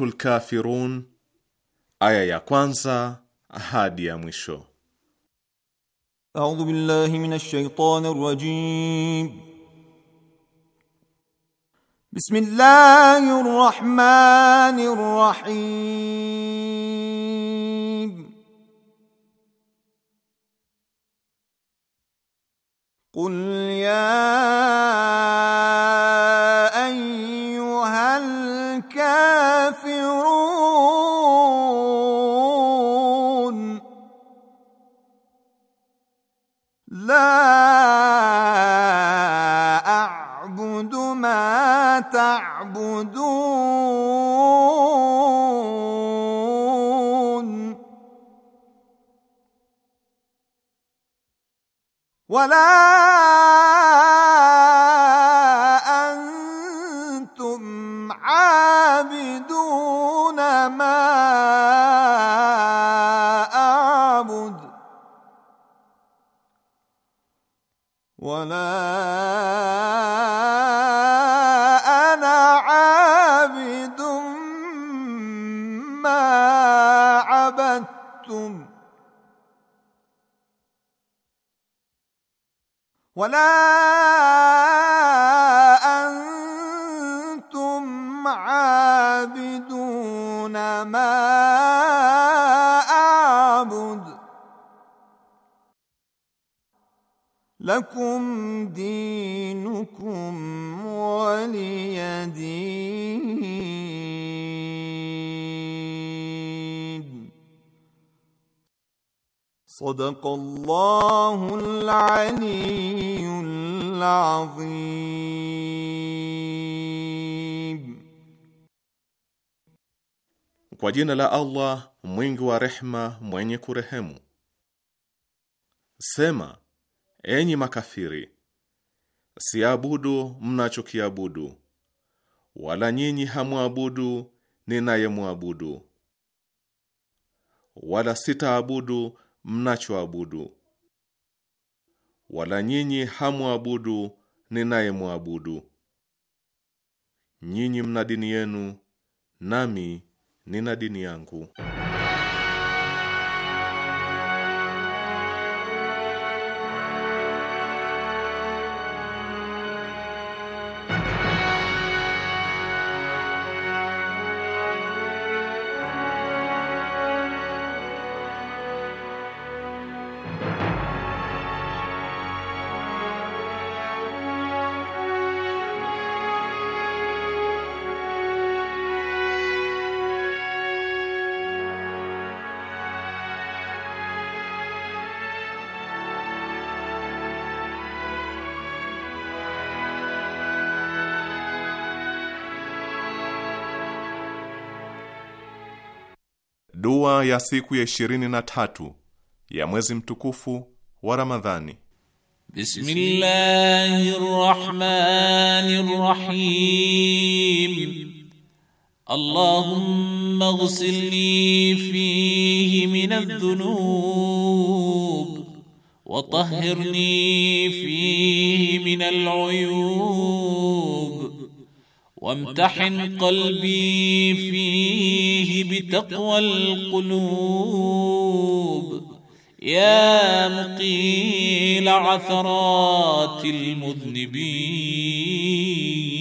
Suratul Kafirun aya ya kwanza hadi ya mwisho. A'udhu billahi minash shaitanir rajim. Bismillahir rahmanir rahim. ولا لكم دينكم ولي دين صدق الله العلي العظيم وجينا لا الله من مينغ ورحمه مينك رحمه سَمَّا Enyi makafiri, siabudu mnachokiabudu, wala nyinyi hamwabudu ninayemwabudu, wala sitaabudu mnachoabudu, wala nyinyi hamwabudu ninayemwabudu. Nyinyi mna dini yenu, nami nina dini yangu. ya siku ya ishirini na tatu ya mwezi mtukufu wa Ramadhani. Bismillahir Rahmanir Rahim. Allahumma ighsilni fihi min adh-dhunub wa tahhirni fihi min al-uyub وامتحن قلبي فيه بتقوى القلوب يا مقيل عثرات المذنبين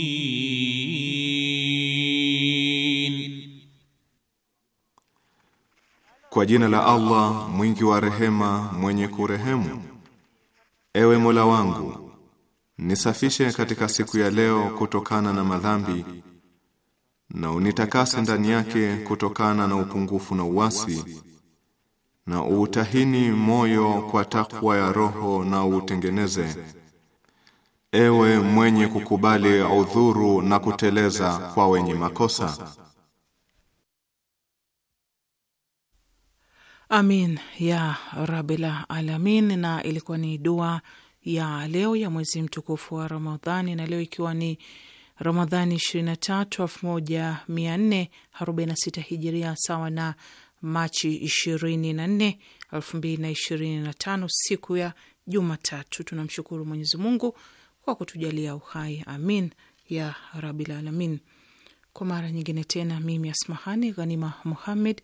Kwa jina la Allah mwingi wa rehema mwenye kurehemu Ewe Mola wangu Nisafishe katika siku ya leo kutokana na madhambi na unitakase ndani yake kutokana na upungufu na uasi na utahini moyo kwa takwa ya roho na utengeneze ewe mwenye kukubali udhuru na kuteleza kwa wenye makosa Amin ya Rabbil Alamin. Na ilikuwa ni dua ya leo ya mwezi mtukufu wa Ramadhani, na leo ikiwa ni Ramadhani 23 1446 hijiria sawa na Machi 24 2025, siku ya Jumatatu. Tunamshukuru Mwenyezi Mungu kwa kutujalia uhai, amin ya rabil alamin. Kwa mara nyingine tena, mimi Asmahani Ghanima Muhammed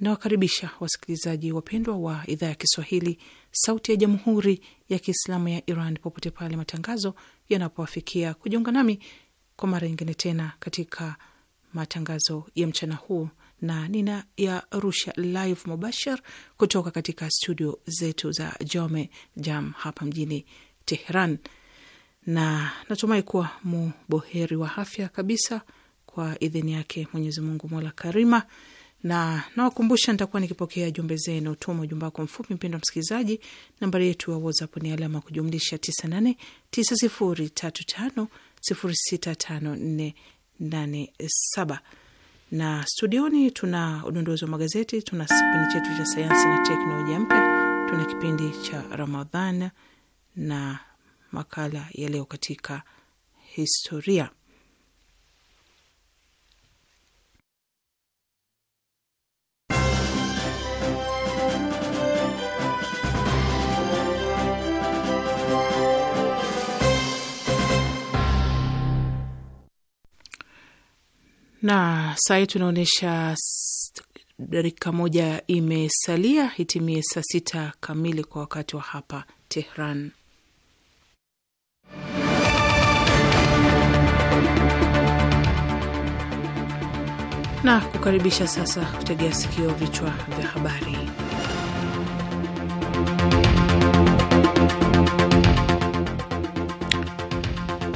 Nawakaribisha wasikilizaji wapendwa wa idhaa ya Kiswahili, Sauti ya Jamhuri ya Kiislamu ya Iran, popote pale matangazo yanapowafikia, kujiunga nami kwa mara nyingine tena katika matangazo ya mchana huu, na nina ya rusha live mubashar kutoka katika studio zetu za Jome Jam hapa mjini Teheran, na natumai kuwa muboheri wa afya kabisa, kwa idhini yake Mwenyezi Mungu mola karima na nawakumbusha, nitakuwa nikipokea jumbe zenu. Tuma ujumbe wako mfupi, mpendo msikilizaji. Nambari yetu ya WhatsApp ni alama kujumlisha 989035065487, na studioni tuna udondozi wa magazeti, tuna kipindi chetu cha sayansi na teknolojia mpya, tuna kipindi cha Ramadhan na makala ya leo katika historia. na saa hii tunaonyesha dakika moja imesalia itimie saa sita kamili kwa wakati wa hapa Tehran. Na kukaribisha sasa kutegea sikio vichwa vya habari.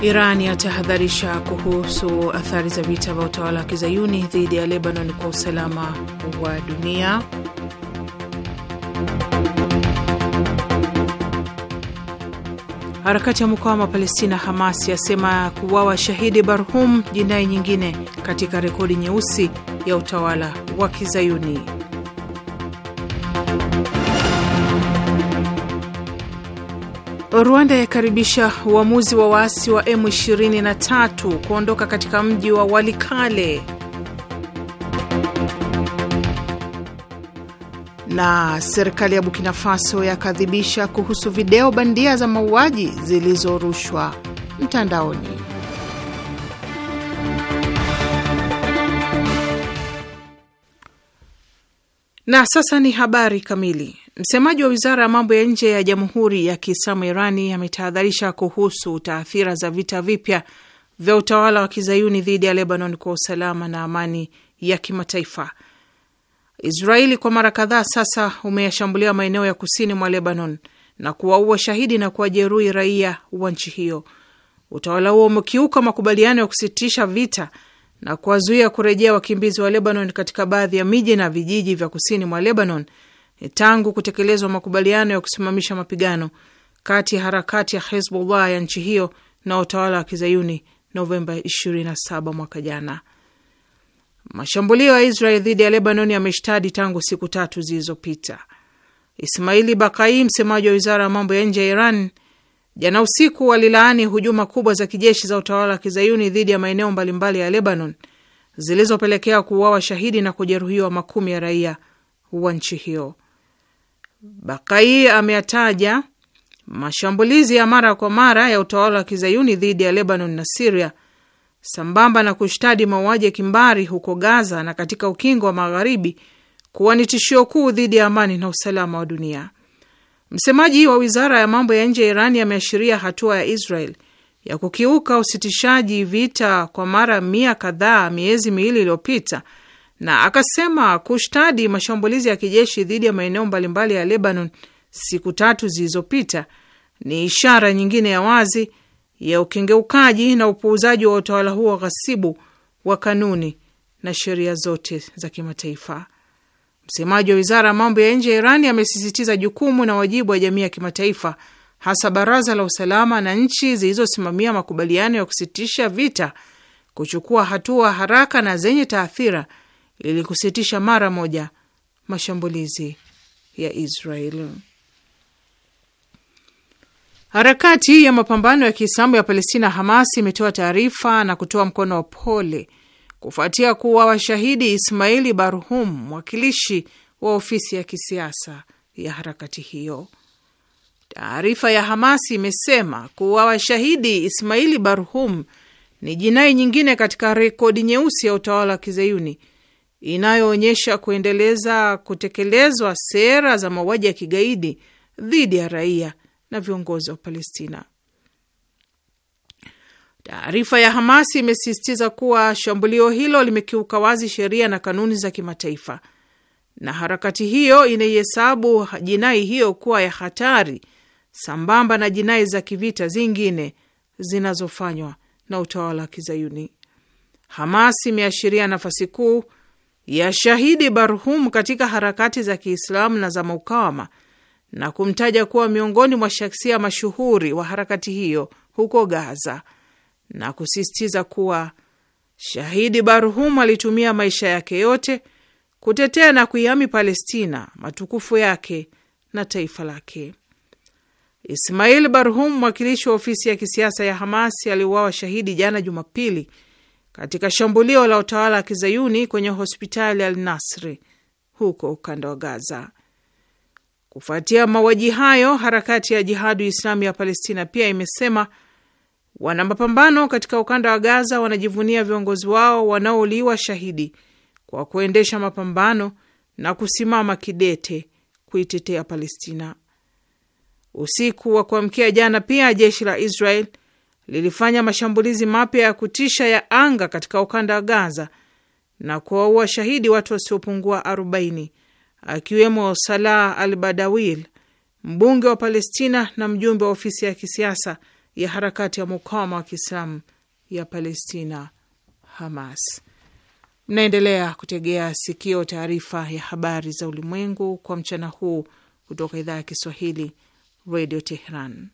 Iran yatahadharisha kuhusu athari za vita vya utawala wa kizayuni dhidi ya Lebanon kwa usalama wa dunia. Harakati ya mukawama wa Palestina Hamas yasema kuwawa shahidi Barhum jinai nyingine katika rekodi nyeusi ya utawala wa kizayuni. Rwanda yakaribisha uamuzi wa waasi wa M23 kuondoka katika mji wa Walikale. Na serikali ya Burkina Faso yakadhibisha kuhusu video bandia za mauaji zilizorushwa mtandaoni. Na sasa ni habari kamili. Msemaji wa wizara ya mambo ya nje ya Jamhuri ya Kiislamu Irani ametahadharisha kuhusu taathira za vita vipya vya utawala wa kizayuni dhidi ya Lebanon kwa usalama na amani ya kimataifa. Israeli kwa mara kadhaa sasa umeyashambulia maeneo ya kusini mwa Lebanon na kuwaua shahidi na kuwajeruhi raia wa nchi hiyo. Utawala huo umekiuka makubaliano ya kusitisha vita na kuwazuia kurejea wakimbizi wa Lebanon katika baadhi ya miji na vijiji vya kusini mwa Lebanon E, tangu kutekelezwa makubaliano ya kusimamisha mapigano kati ya harakati ya Hezbollah ya nchi hiyo na utawala wa kizayuni Novemba 27 mwaka jana. Mashambulio ya Israel dhidi ya Lebanon yameshtadi tangu siku tatu zilizopita. Ismaili Bakai, msemaji wa wizara ya mambo ya nje ya Iran, jana usiku walilaani hujuma kubwa za kijeshi za utawala wa kizayuni dhidi ya maeneo mbalimbali ya Lebanon zilizopelekea kuuawa shahidi na kujeruhiwa makumi ya raia wa nchi hiyo. Bakai ameyataja mashambulizi ya mara kwa mara ya utawala wa kizayuni dhidi ya Lebanon na Siria sambamba na kushtadi mauaji ya kimbari huko Gaza na katika ukingo wa Magharibi kuwa ni tishio kuu dhidi ya amani na usalama wa dunia. Msemaji wa wizara ya mambo ya nje ya Irani ameashiria hatua ya Israel ya kukiuka usitishaji vita kwa mara mia kadhaa miezi miwili iliyopita na akasema kushtadi mashambulizi ya kijeshi dhidi ya maeneo mbalimbali ya Lebanon siku tatu zilizopita ni ishara nyingine ya wazi ya ukengeukaji na upuuzaji wa utawala huo ghasibu wa kanuni na sheria zote za kimataifa. Msemaji wa wizara ya mambo ya nje ya Irani amesisitiza jukumu na wajibu wa jamii ya kimataifa, hasa baraza la usalama na nchi zilizosimamia makubaliano ya kusitisha vita, kuchukua hatua haraka na zenye taathira ili kusitisha mara moja mashambulizi ya israel Harakati ya mapambano ya Kiislamu ya Palestina, Hamas, imetoa taarifa na kutoa mkono wa pole kufuatia kuwa washahidi Ismaili Barhum, mwakilishi wa ofisi ya kisiasa ya harakati hiyo. Taarifa ya Hamas imesema kuwa washahidi Ismaili Barhum ni jinai nyingine katika rekodi nyeusi ya utawala wa kizayuni inayoonyesha kuendeleza kutekelezwa sera za mauaji ya kigaidi dhidi ya raia na viongozi wa Palestina. Taarifa ya Hamas imesisitiza kuwa shambulio hilo limekiuka wazi sheria na kanuni za kimataifa, na harakati hiyo inaihesabu jinai hiyo kuwa ya hatari sambamba na jinai za kivita zingine zinazofanywa na utawala wa Kizayuni. Hamas imeashiria nafasi kuu ya shahidi Barhum katika harakati za Kiislamu na za Mukawama na kumtaja kuwa miongoni mwa shaksia mashuhuri wa harakati hiyo huko Gaza na kusisitiza kuwa shahidi Barhum alitumia maisha yake yote kutetea na kuihami Palestina matukufu yake na taifa lake. Ismail Barhum, mwakilishi wa ofisi ya kisiasa ya Hamas, aliuawa shahidi jana Jumapili katika shambulio la utawala wa kizayuni kwenye hospitali Al Nasri huko ukanda wa Gaza. Kufuatia mauaji hayo, harakati ya Jihadu islamu ya Palestina pia imesema wana mapambano katika ukanda wa Gaza wanajivunia viongozi wao wanaouliwa shahidi kwa kuendesha mapambano na kusimama kidete kuitetea Palestina. Usiku wa kuamkia jana, pia jeshi la Israel lilifanya mashambulizi mapya ya kutisha ya anga katika ukanda wa Gaza na kuwaua shahidi watu wasiopungua 40 akiwemo Salah al Badawil, mbunge wa Palestina na mjumbe wa ofisi ya kisiasa ya harakati ya mukawama wa Kiislamu ya Palestina, Hamas. Mnaendelea kutegea sikio taarifa ya habari za ulimwengu kwa mchana huu kutoka idhaa ya Kiswahili, Radio Tehran.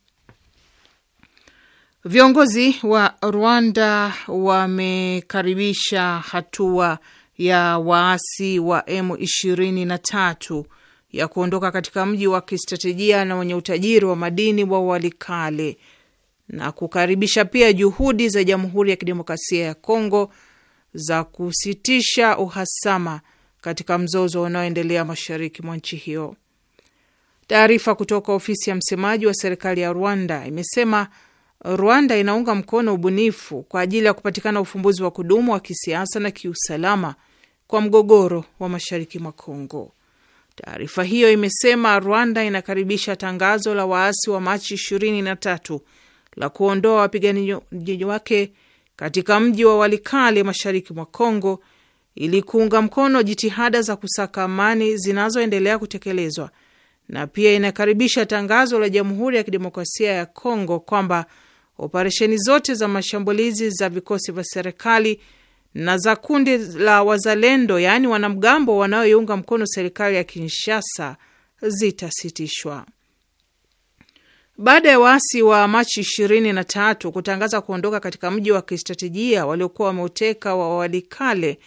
Viongozi wa Rwanda wamekaribisha hatua ya waasi wa M23 ya kuondoka katika mji wa kistratejia na wenye utajiri wa madini wa Walikale na kukaribisha pia juhudi za Jamhuri ya Kidemokrasia ya Kongo za kusitisha uhasama katika mzozo unaoendelea mashariki mwa nchi hiyo. Taarifa kutoka ofisi ya msemaji wa serikali ya Rwanda imesema Rwanda inaunga mkono ubunifu kwa ajili ya kupatikana ufumbuzi wa kudumu wa kisiasa na kiusalama kwa mgogoro wa mashariki mwa Kongo. Taarifa hiyo imesema Rwanda inakaribisha tangazo la waasi wa Machi 23 la kuondoa wapiganaji wake katika mji wa Walikale mashariki mwa Kongo ili kuunga mkono jitihada za kusaka amani zinazoendelea kutekelezwa na pia inakaribisha tangazo la Jamhuri ya Kidemokrasia ya Kongo kwamba Operesheni zote za mashambulizi za vikosi vya serikali na za kundi la wazalendo, yaani wanamgambo wanaoiunga mkono serikali ya Kinshasa zitasitishwa baada ya waasi wa Machi 23 kutangaza kuondoka katika mji wa kistratejia waliokuwa wameuteka wa Walikale.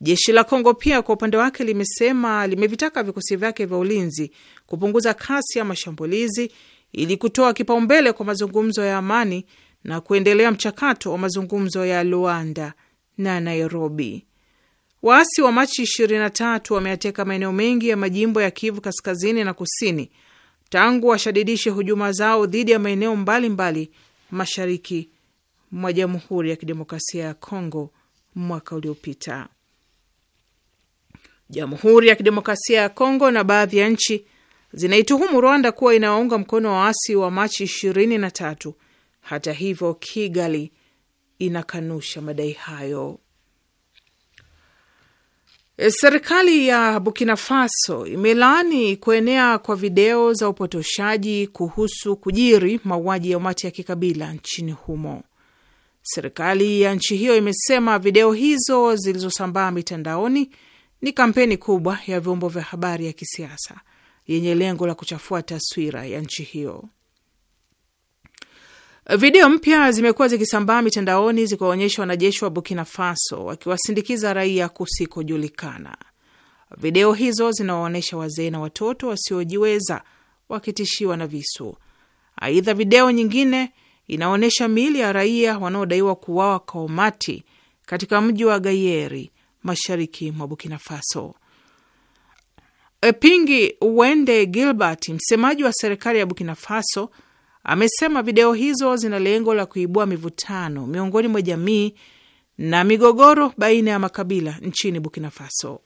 Jeshi la Kongo pia kwa upande wake limesema limevitaka vikosi vyake vya ulinzi kupunguza kasi ya mashambulizi ili kutoa kipaumbele kwa mazungumzo ya amani na kuendelea mchakato wa mazungumzo ya Luanda na Nairobi. Waasi wa Machi 23 wameateka maeneo mengi ya majimbo ya Kivu kaskazini na kusini tangu washadidishe hujuma zao dhidi ya maeneo mbalimbali mashariki mwa Jamhuri ya Kidemokrasia ya Kongo mwaka uliopita. Jamhuri ya Kidemokrasia ya Kongo na baadhi ya nchi zinaituhumu Rwanda kuwa inawaunga mkono waasi wa Machi 23. Hata hivyo, Kigali inakanusha madai hayo. E, serikali ya Burkina Faso imelaani kuenea kwa video za upotoshaji kuhusu kujiri mauaji ya umati ya kikabila nchini humo. Serikali ya nchi hiyo imesema video hizo zilizosambaa mitandaoni ni kampeni kubwa ya vyombo vya habari ya kisiasa yenye lengo la kuchafua taswira ya nchi hiyo. Video mpya zimekuwa zikisambaa mitandaoni zikiwaonyesha wanajeshi wa Burkina Faso wakiwasindikiza raia kusikojulikana. Video hizo zinawaonyesha wazee na watoto wasiojiweza wakitishiwa na visu. Aidha, video nyingine inaonyesha miili ya raia wanaodaiwa kuuawa kwa umati katika mji wa Gayeri, mashariki mwa Burkina Faso. Eh, pingi Wende Gilbert, msemaji wa serikali ya Burkina Faso, amesema video hizo zina lengo la kuibua mivutano miongoni mwa jamii na migogoro baina ya makabila nchini Burkina Faso.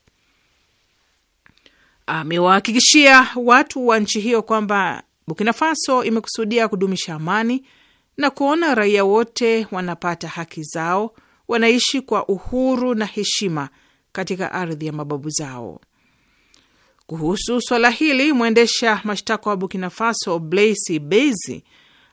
Amewahakikishia watu wa nchi hiyo kwamba Burkina Faso imekusudia kudumisha amani na kuona raia wote wanapata haki zao, wanaishi kwa uhuru na heshima katika ardhi ya mababu zao. Kuhusu swala hili, mwendesha mashtaka wa Burkina Faso Blaise Bezi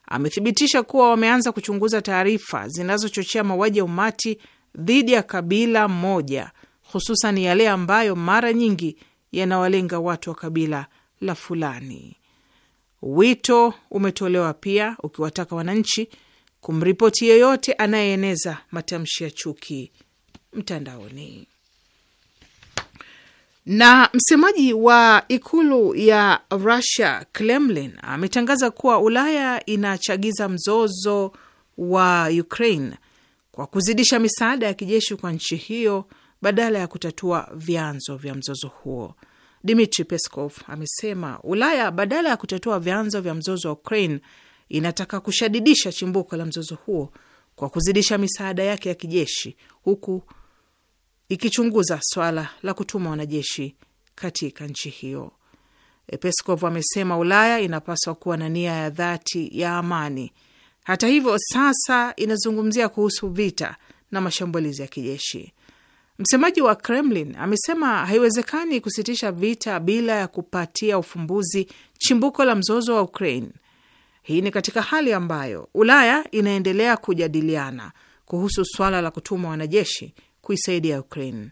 amethibitisha kuwa wameanza kuchunguza taarifa zinazochochea mauaji ya umati dhidi ya kabila moja, hususan yale ambayo mara nyingi yanawalenga watu wa kabila la Fulani. Wito umetolewa pia ukiwataka wananchi kumripoti yeyote anayeeneza matamshi ya chuki mtandaoni. Na msemaji wa ikulu ya Russia, Kremlin, ametangaza kuwa Ulaya inachagiza mzozo wa Ukraine kwa kuzidisha misaada ya kijeshi kwa nchi hiyo badala ya kutatua vyanzo vya mzozo huo. Dmitri Peskov amesema Ulaya badala ya kutatua vyanzo vya mzozo wa Ukraine inataka kushadidisha chimbuko la mzozo huo kwa kuzidisha misaada yake ya kijeshi huku ikichunguza swala la kutuma wanajeshi katika nchi hiyo. Peskov amesema Ulaya inapaswa kuwa na nia ya dhati ya amani. Hata hivyo, sasa inazungumzia kuhusu vita na mashambulizi ya kijeshi. Msemaji wa Kremlin amesema haiwezekani kusitisha vita bila ya kupatia ufumbuzi chimbuko la mzozo wa Ukraine. Hii ni katika hali ambayo Ulaya inaendelea kujadiliana kuhusu swala la kutuma wanajeshi kuisaidia Ukraine.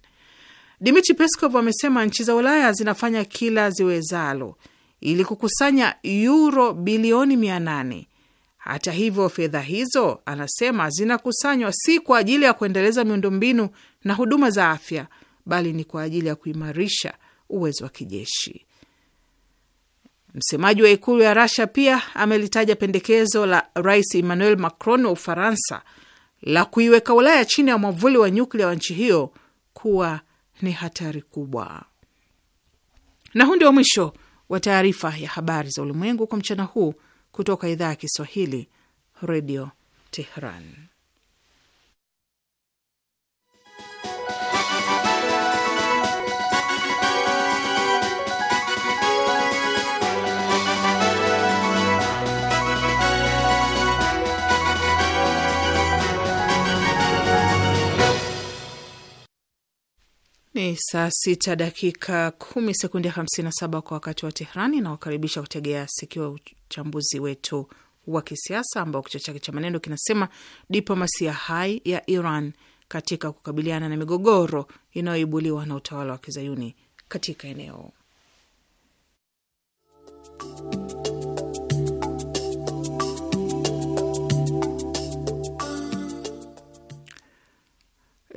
Dmitri Peskov amesema nchi za Ulaya zinafanya kila ziwezalo ili kukusanya yuro bilioni mia nane. Hata hivyo, fedha hizo anasema zinakusanywa si kwa ajili ya kuendeleza miundombinu na huduma za afya, bali ni kwa ajili ya kuimarisha uwezo wa kijeshi. Msemaji wa ikulu ya rasia pia amelitaja pendekezo la Rais Emmanuel Macron wa Ufaransa la kuiweka Ulaya chini ya mwavuli wa nyuklia wa nchi hiyo kuwa ni hatari kubwa. Na huu ndio mwisho wa taarifa ya habari za ulimwengu kwa mchana huu kutoka idhaa ya Kiswahili, Redio Tehran. Ni saa sita dakika kumi sekundi hamsini na saba kwa wakati wa Tehrani. Nawakaribisha kutegea sikio uchambuzi wetu wa kisiasa ambao kichwa chake cha maneno kinasema diplomasia hai ya Iran katika kukabiliana na migogoro inayoibuliwa na utawala wa kizayuni katika eneo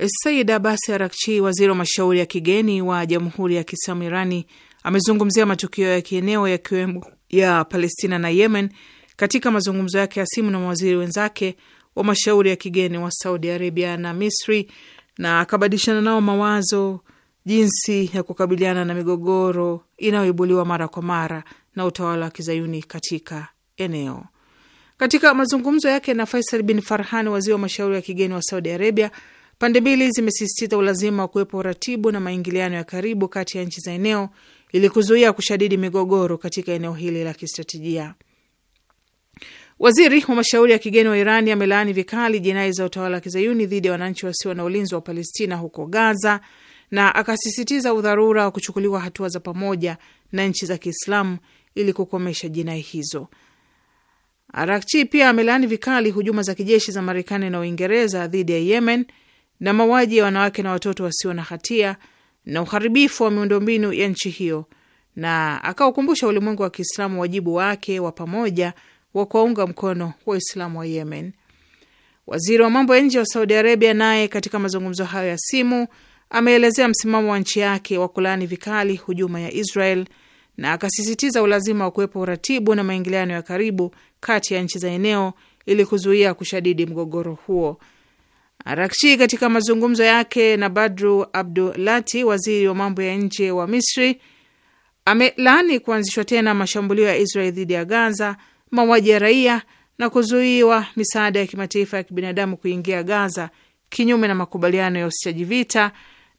Said Abasi Arakchi, waziri wa mashauri ya kigeni wa Jamhuri ya Kiislamu Irani, amezungumzia matukio ya kieneo yakiwemo ya Palestina na Yemen katika mazungumzo yake ya simu na mawaziri wenzake wa mashauri ya kigeni wa Saudi Arabia na Misri, na akabadilishana nao mawazo jinsi ya kukabiliana na migogoro inayoibuliwa mara kwa mara na utawala wa kizayuni katika eneo. Katika mazungumzo yake na Faisal bin Farhan, waziri wa mashauri ya kigeni wa Saudi Arabia, Pande mbili zimesisitiza ulazima wa kuwepo uratibu na maingiliano ya karibu kati ya nchi za eneo ili kuzuia kushadidi migogoro katika eneo hili la kistratejia. Waziri wa mashauri ya kigeni wa Irani amelaani vikali jinai za utawala wa kizayuni dhidi ya wananchi wasio na ulinzi wa Palestina huko Gaza na akasisitiza udharura wa kuchukuliwa hatua za pamoja na nchi za Kiislamu ili kukomesha jinai hizo. Arakchi pia amelaani vikali hujuma za kijeshi za Marekani na Uingereza dhidi ya Yemen na mauaji ya wanawake na watoto wasio na hatia na uharibifu wa miundombinu ya nchi hiyo, na akaukumbusha ulimwengu wa Kiislamu wajibu wake wa pamoja wa kuwaunga mkono Waislamu wa Yemen. Waziri wa mambo ya nje wa Saudi Arabia naye katika mazungumzo hayo ya simu ameelezea msimamo wa nchi yake wa kulaani vikali hujuma ya Israel na akasisitiza ulazima wa kuwepo uratibu na maingiliano ya karibu kati ya nchi za eneo ili kuzuia kushadidi mgogoro huo. Arakshi katika mazungumzo yake na Badru Abdulati, waziri wa mambo ya nje wa Misri, amelaani kuanzishwa tena mashambulio ya Israel dhidi ya Gaza, mauaji ya raia na kuzuiwa misaada ya kimataifa ya kibinadamu kuingia Gaza kinyume na makubaliano ya usitishaji vita,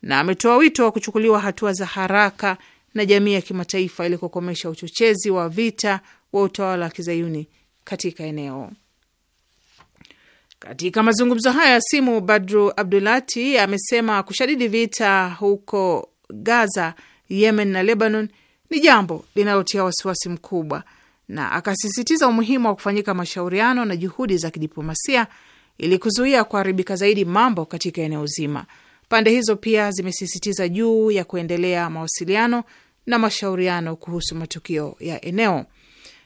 na ametoa wito wa kuchukuliwa hatua za haraka na jamii ya kimataifa ili kukomesha uchochezi wa vita wa utawala wa kizayuni katika eneo. Katika mazungumzo hayo ya simu, Badru Abdulati amesema kushadidi vita huko Gaza, Yemen na Lebanon ni jambo linalotia wasiwasi mkubwa, na akasisitiza umuhimu wa kufanyika mashauriano na juhudi za kidiplomasia ili kuzuia kuharibika zaidi mambo katika eneo zima. Pande hizo pia zimesisitiza juu ya kuendelea mawasiliano na mashauriano kuhusu matukio ya eneo.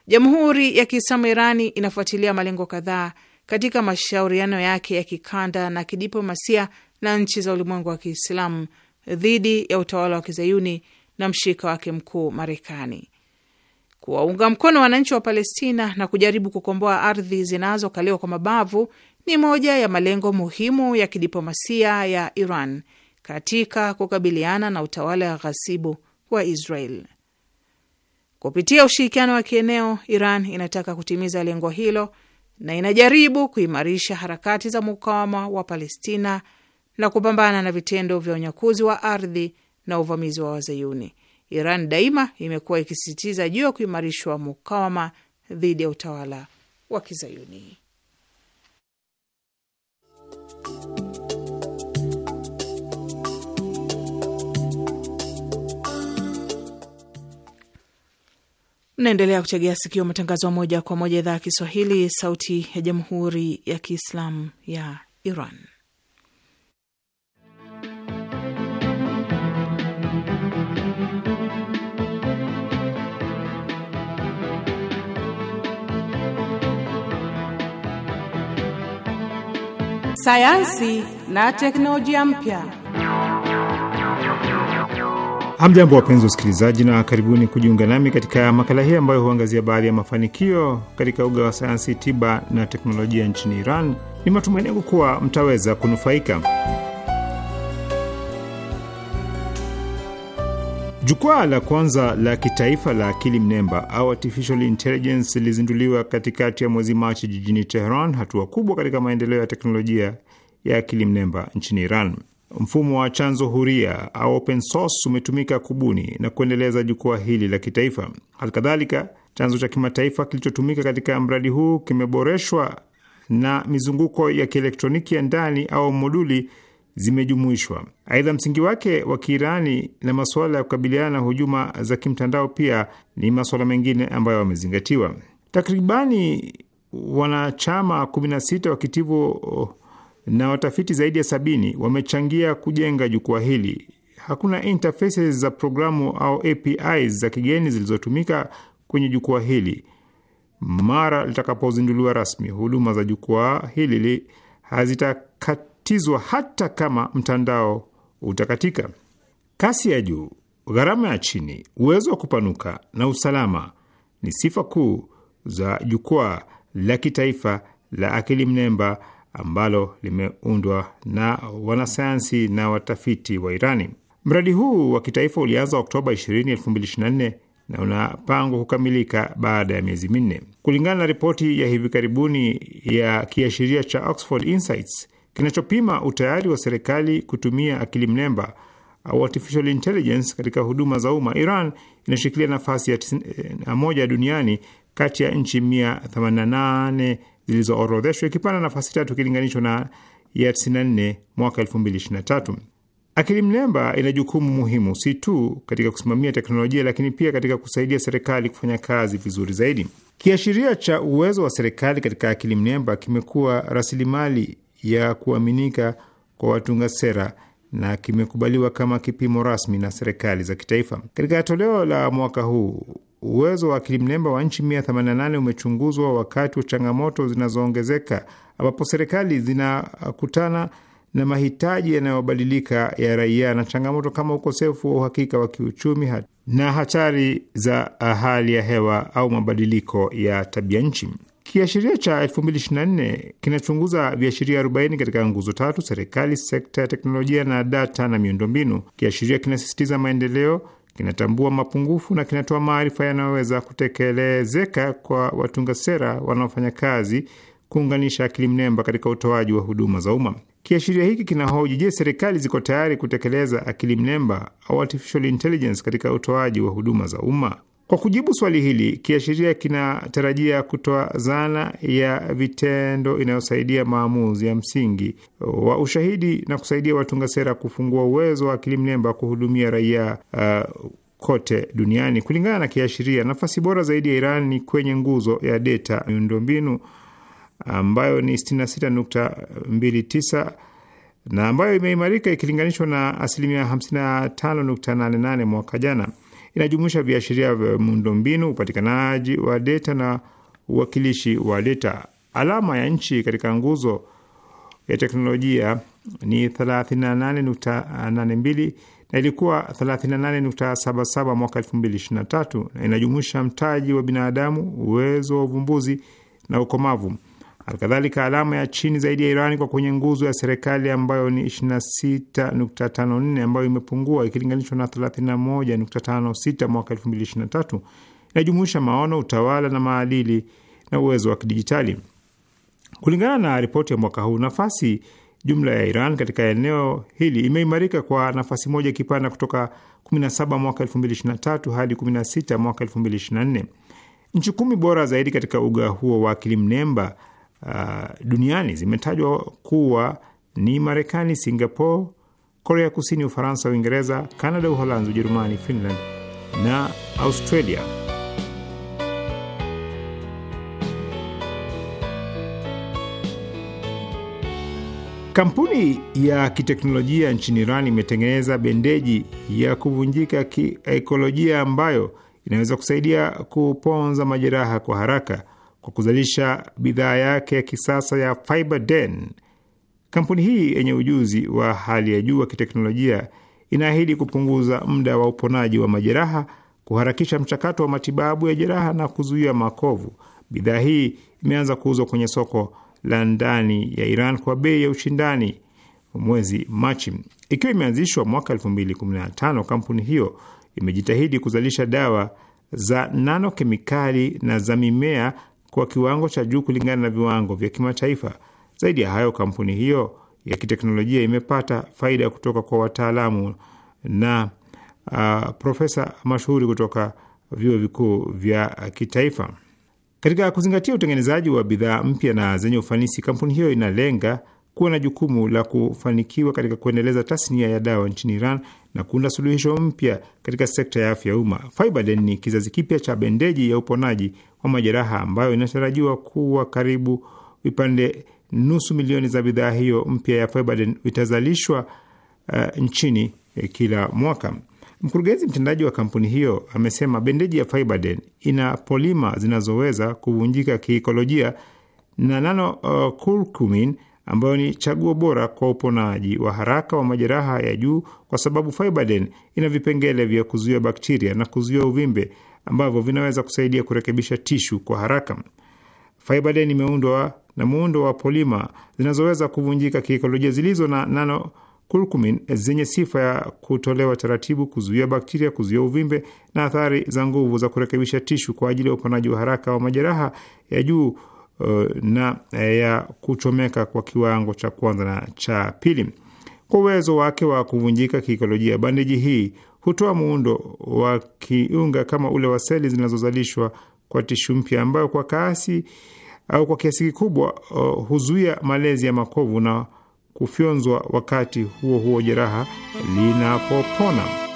Jamhuri ya Kiislamu Irani inafuatilia malengo kadhaa katika mashauriano yake ya kikanda na kidiplomasia na nchi za ulimwengu wa Kiislamu dhidi ya utawala wa kizayuni na mshirika wake mkuu Marekani, kuwaunga mkono wananchi wa Palestina na kujaribu kukomboa ardhi zinazokaliwa kwa mabavu ni moja ya malengo muhimu ya kidiplomasia ya Iran katika kukabiliana na utawala wa ghasibu wa Israel. Kupitia ushirikiano wa kieneo, Iran inataka kutimiza lengo hilo na inajaribu kuimarisha harakati za mukawama wa Palestina na kupambana na vitendo vya unyakuzi wa ardhi na uvamizi wa Wazayuni. Iran daima imekuwa ikisisitiza juu ya kuimarishwa mukawama dhidi ya utawala wa Kizayuni. Naendelea kuchegea sikio matangazo moja kwa moja idhaa ya Kiswahili, sauti ya jamhuri ya kiislamu ya Iran. Sayansi na teknolojia mpya. Hamjambo, wapenzi wasikilizaji, na karibuni kujiunga nami katika makala hii ambayo huangazia baadhi ya mafanikio katika uga wa sayansi tiba na teknolojia nchini Iran. Ni matumaini yangu kuwa mtaweza kunufaika. Jukwaa la kwanza la kitaifa la akili mnemba au artificial intelligence lilizinduliwa katikati ya mwezi Machi jijini Teheran, hatua kubwa katika maendeleo ya teknolojia ya akili mnemba nchini Iran. Mfumo wa chanzo huria au open source umetumika kubuni na kuendeleza jukwaa hili la kitaifa. Halikadhalika, chanzo cha kimataifa kilichotumika katika mradi huu kimeboreshwa na mizunguko ya kielektroniki ya ndani au moduli zimejumuishwa. Aidha, msingi wake wa Kiirani na masuala ya kukabiliana na hujuma za kimtandao pia ni masuala mengine ambayo wamezingatiwa. Takribani wanachama 16 wa kitivo na watafiti zaidi ya sabini wamechangia kujenga jukwaa hili. Hakuna interfaces za programu au APIs za kigeni zilizotumika kwenye jukwaa hili. Mara litakapozinduliwa rasmi, huduma za jukwaa hili hazitakatizwa hata kama mtandao utakatika. Kasi ya juu, gharama ya chini, uwezo wa kupanuka na usalama ni sifa kuu za jukwaa la kitaifa la akili mnemba ambalo limeundwa na wanasayansi na watafiti wa Irani. Mradi huu wa kitaifa ulianza Oktoba 20, 2024 na unapangwa kukamilika baada ya miezi minne, kulingana na ripoti ya hivi karibuni ya kiashiria cha Oxford Insights kinachopima utayari wa serikali kutumia akili mnemba au artificial intelligence katika huduma za umma. Iran inashikilia nafasi ya 91 duniani kati ya nchi 188 zilizoorodheshwa ikipanda nafasi tatu ikilinganishwa na ya 94 mwaka 2023. Akili mnemba ina jukumu muhimu si tu katika kusimamia teknolojia, lakini pia katika kusaidia serikali kufanya kazi vizuri zaidi. Kiashiria cha uwezo wa serikali katika akili mnemba kimekuwa rasilimali ya kuaminika kwa watunga sera na kimekubaliwa kama kipimo rasmi na serikali za kitaifa. Katika toleo la mwaka huu, Uwezo wa akili mnemba wa nchi 188 umechunguzwa wakati wa changamoto zinazoongezeka, ambapo serikali zinakutana na mahitaji yanayobadilika ya raia na changamoto kama ukosefu wa uhakika wa kiuchumi na hatari za hali ya hewa au mabadiliko ya tabia nchi. Kiashiria cha 2024 kinachunguza viashiria 40 katika nguzo tatu: serikali, sekta ya teknolojia na data na miundombinu. Kiashiria kinasisitiza maendeleo kinatambua mapungufu na kinatoa maarifa yanayoweza kutekelezeka kwa watunga sera wanaofanya kazi kuunganisha akili mnemba katika utoaji wa huduma za umma. Kiashiria hiki kinahoji, je, serikali ziko tayari kutekeleza akili mnemba au artificial intelligence katika utoaji wa huduma za umma? Kwa kujibu swali hili, kiashiria kinatarajia kutoa zana ya vitendo inayosaidia maamuzi ya msingi wa ushahidi na kusaidia watunga sera kufungua uwezo wa akili mnemba kuhudumia raia uh, kote duniani. Kulingana na kiashiria, nafasi bora zaidi ya Iran ni kwenye nguzo ya data miundombinu ambayo ni 66.29 na ambayo imeimarika ikilinganishwa na asilimia 55.88 mwaka jana inajumuisha viashiria vya miundombinu, upatikanaji wa deta na uwakilishi wa deta. Alama ya nchi katika nguzo ya teknolojia ni 38.82 na ilikuwa 38.77 mwaka 2023 na inajumuisha mtaji wa binadamu, uwezo wa uvumbuzi na ukomavu. Alkadhalika, alama ya chini zaidi ya Iran kwa kwenye nguzo ya serikali ambayo ni 26.54 ambayo imepungua ikilinganishwa na 31.56 mwaka 2023. Inajumuisha maono, utawala na maadili na uwezo wa kidijitali. Kulingana na ripoti ya mwaka huu, nafasi jumla ya Iran katika eneo hili imeimarika kwa nafasi moja ikipanda kutoka 17 mwaka 2023 hadi 16 mwaka 2024. Nchi kumi bora zaidi katika uga huo wa akili mnemba uh, duniani zimetajwa kuwa ni Marekani, Singapore, Korea Kusini, Ufaransa, Uingereza, Kanada, Uholanzi, Ujerumani, Finland na Australia. Kampuni ya kiteknolojia nchini Iran imetengeneza bendeji ya kuvunjika kiekolojia ambayo inaweza kusaidia kuponza majeraha kwa haraka kwa kuzalisha bidhaa yake ya kisasa ya FiberDen. Kampuni hii yenye ujuzi wa hali ya juu wa kiteknolojia inaahidi kupunguza muda wa uponaji wa majeraha, kuharakisha mchakato wa matibabu ya jeraha na kuzuia makovu. Bidhaa hii imeanza kuuzwa kwenye soko la ndani ya Iran kwa bei ya ushindani mwezi Machi. Ikiwa imeanzishwa mwaka 2015, kampuni hiyo imejitahidi kuzalisha dawa za nanokemikali na za mimea kwa kiwango cha juu kulingana na viwango vya kimataifa. Zaidi ya hayo, kampuni hiyo ya kiteknolojia imepata faida kutoka kwa wataalamu na uh, profesa mashuhuri kutoka vyuo vikuu vya kitaifa. Katika kuzingatia utengenezaji wa bidhaa mpya na zenye ufanisi, kampuni hiyo inalenga kuwa na jukumu la kufanikiwa katika kuendeleza tasnia ya dawa nchini Iran na kuunda suluhisho mpya katika sekta ya afya ya umma. Faibalin ni kizazi kipya cha bendeji ya uponaji wa majeraha ambayo inatarajiwa kuwa karibu vipande nusu milioni za bidhaa hiyo mpya ya Faibalin vitazalishwa uh, eh, nchini eh, kila mwaka. Mkurugenzi mtendaji wa kampuni hiyo amesema bendeji ya Faibalin ina polima zinazoweza kuvunjika kiikolojia na nano uh, eh, curcumin ambayo ni chaguo bora kwa uponaji wa haraka wa majeraha ya juu, kwa sababu Fiberden ina vipengele vya kuzuia bakteria na kuzuia uvimbe ambavyo vinaweza kusaidia kurekebisha tishu kwa haraka. Fiberden imeundwa na muundo wa polima zinazoweza kuvunjika kiekolojia zilizo na nano curcumin zenye sifa ya kutolewa taratibu, kuzuia bakteria, kuzuia uvimbe na athari za nguvu za kurekebisha tishu kwa ajili ya uponaji wa haraka wa majeraha ya juu Eh, na ya kuchomeka kwa kiwango cha kwanza na cha pili. Kwa uwezo wake wa kuvunjika kiikolojia, bandeji hii hutoa muundo wa kiunga kama ule wa seli zinazozalishwa kwa tishu mpya, ambayo kwa kasi au kwa kiasi kikubwa uh, huzuia malezi ya makovu na kufyonzwa wakati huo huo jeraha linapopona.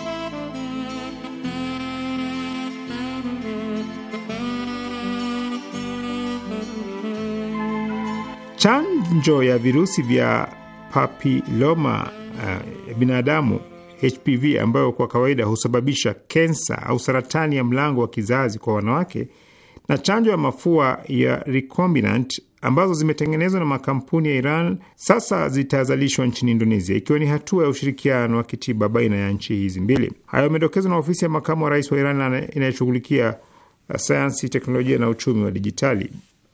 chanjo ya virusi vya papiloma uh, eh, binadamu HPV ambayo kwa kawaida husababisha kensa au saratani ya mlango wa kizazi kwa wanawake na chanjo ya mafua ya recombinant ambazo zimetengenezwa na makampuni ya Iran sasa zitazalishwa nchini Indonesia, ikiwa ni hatua ya ushirikiano wa kitiba baina ya nchi hizi mbili. Hayo yamedokezwa na ofisi ya makamu wa rais wa Iran inayeshughulikia eh, sayansi, teknolojia na uchumi wa dijitali.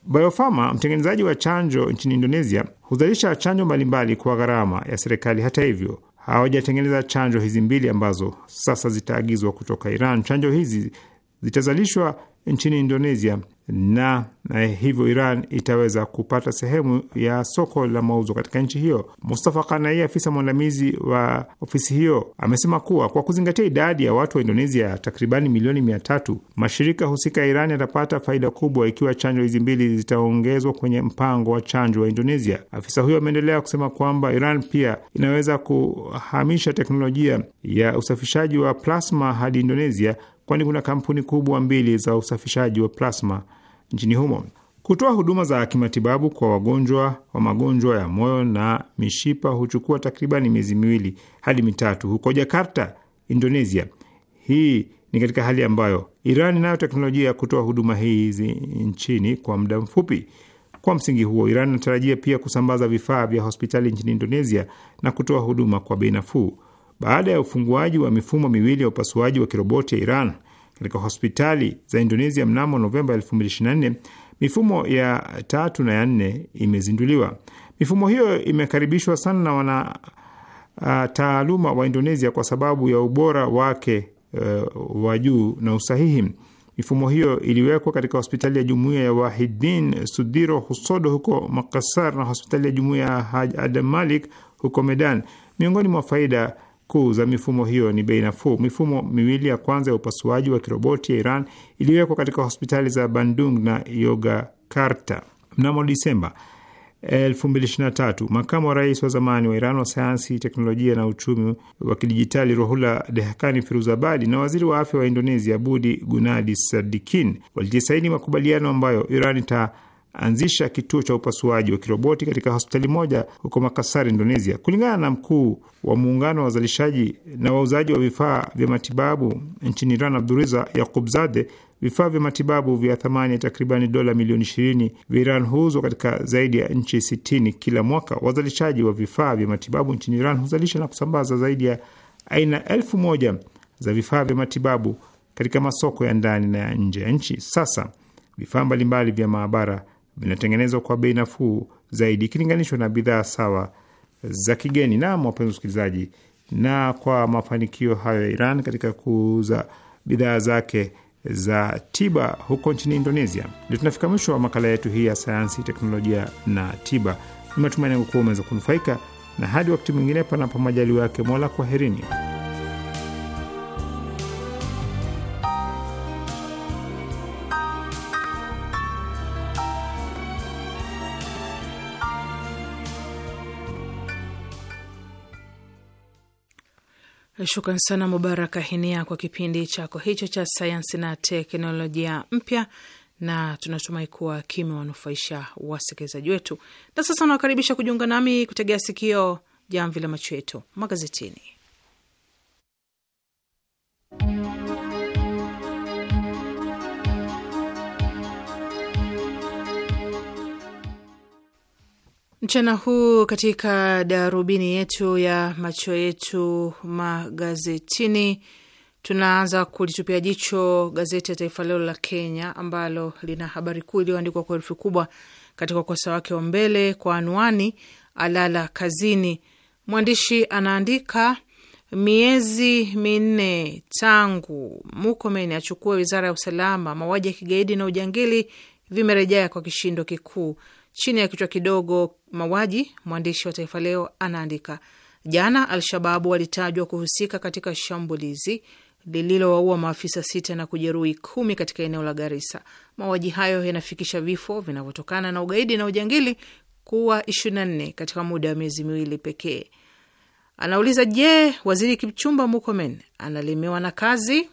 Biofarma, mtengenezaji wa chanjo nchini Indonesia, huzalisha chanjo mbalimbali kwa gharama ya serikali. Hata hivyo hawajatengeneza chanjo hizi mbili ambazo sasa zitaagizwa kutoka Iran. Chanjo hizi zitazalishwa nchini Indonesia na eh, hivyo Iran itaweza kupata sehemu ya soko la mauzo katika nchi hiyo. Mustafa Kanai, afisa mwandamizi wa ofisi hiyo, amesema kuwa kwa kuzingatia idadi ya watu wa Indonesia takribani milioni mia tatu, mashirika husika ya Iran yatapata faida kubwa ikiwa chanjo hizi mbili zitaongezwa kwenye mpango wa chanjo wa Indonesia. Afisa huyo ameendelea kusema kwamba Iran pia inaweza kuhamisha teknolojia ya usafishaji wa plasma hadi Indonesia kwani kuna kampuni kubwa mbili za usafishaji wa plasma nchini humo. Kutoa huduma za kimatibabu kwa wagonjwa wa magonjwa ya moyo na mishipa huchukua takribani miezi miwili hadi mitatu huko Jakarta, Indonesia. Hii ni katika hali ambayo Iran inayo teknolojia ya kutoa huduma hizi nchini kwa muda mfupi. Kwa msingi huo, Iran inatarajia pia kusambaza vifaa vya hospitali nchini Indonesia na kutoa huduma kwa bei nafuu. Baada ya ufunguaji wa mifumo miwili ya upasuaji wa kiroboti ya Iran katika hospitali za Indonesia mnamo Novemba 2024, mifumo ya tatu na ya nne imezinduliwa. Mifumo hiyo imekaribishwa sana na wana uh, taaluma wa Indonesia kwa sababu ya ubora wake uh, wa juu na usahihi. Mifumo hiyo iliwekwa katika hospitali ya jumuiya ya Wahidin Sudiro Husodo huko Makassar na hospitali ya jumuiya ya Haj Adam Malik huko Medan. Miongoni mwa faida kuu za mifumo hiyo ni bei nafuu. Mifumo miwili ya kwanza ya upasuaji wa kiroboti ya Iran iliyowekwa katika hospitali za Bandung na Yogyakarta mnamo Disemba 2023 makamu wa rais wa zamani wa Iran wa sayansi, teknolojia na uchumi wa kidijitali Rohula Dehakani Firuzabadi na waziri wa afya wa Indonesia Budi Gunadi Sadikin walijisaini makubaliano ambayo Iran ita anzisha kituo cha upasuaji wa kiroboti katika hospitali moja huko Makassar, Indonesia. Kulingana na mkuu wa muungano wa wazalishaji na wauzaji wa vifaa vya matibabu nchini Iran, Abduriza Yakubzade, vifaa vya matibabu vya thamani ya takribani dola milioni ishirini vya Iran huuzwa katika zaidi ya nchi sitini kila mwaka. Wazalishaji wa vifaa vya matibabu nchini Iran huzalisha na kusambaza zaidi ya aina elfu moja za vifaa vya matibabu katika masoko ya ndani na ya nje ya nchi. Sasa vifaa mbalimbali vya maabara vinatengenezwa kwa bei nafuu zaidi ikilinganishwa na bidhaa sawa za kigeni. Na wapenzi wasikilizaji, na kwa mafanikio hayo ya Iran katika kuuza bidhaa zake za tiba huko nchini Indonesia, ndio tunafika mwisho wa makala yetu hii ya sayansi, teknolojia na tiba. Ni matumaini yangu kuwa umeweza kunufaika, na hadi wakati mwingine, panapo majaliwa yake Mola, kwaherini. Shukran sana Mubaraka Hinia kwa kipindi chako hicho cha sayansi na teknolojia mpya, na tunatumai kuwa kimewanufaisha wasikilizaji wetu. Na sasa nawakaribisha kujiunga nami kutegea sikio jamvi la macho yetu magazetini. mchana huu katika darubini yetu ya macho yetu magazetini, tunaanza kulitupia jicho gazeti ya Taifa Leo la Kenya ambalo lina habari kuu iliyoandikwa kwa herufi kubwa katika ukurasa wake wa mbele kwa anwani alala kazini. Mwandishi anaandika miezi minne tangu Mukomen achukue wizara ya usalama, mauaji ya kigaidi na ujangili vimerejea kwa kishindo kikuu. Chini ya kichwa kidogo Mawaji, mwandishi wa Taifa Leo, anaandika jana, Alshababu walitajwa kuhusika katika shambulizi lililowaua maafisa sita na kujeruhi kumi katika eneo la garisa Mauaji hayo yanafikisha vifo vinavyotokana na ugaidi na ujangili kuwa 24 katika muda wa miezi miwili pekee. Anauliza, je, waziri Kipchumba Mukomen analemewa na kazi?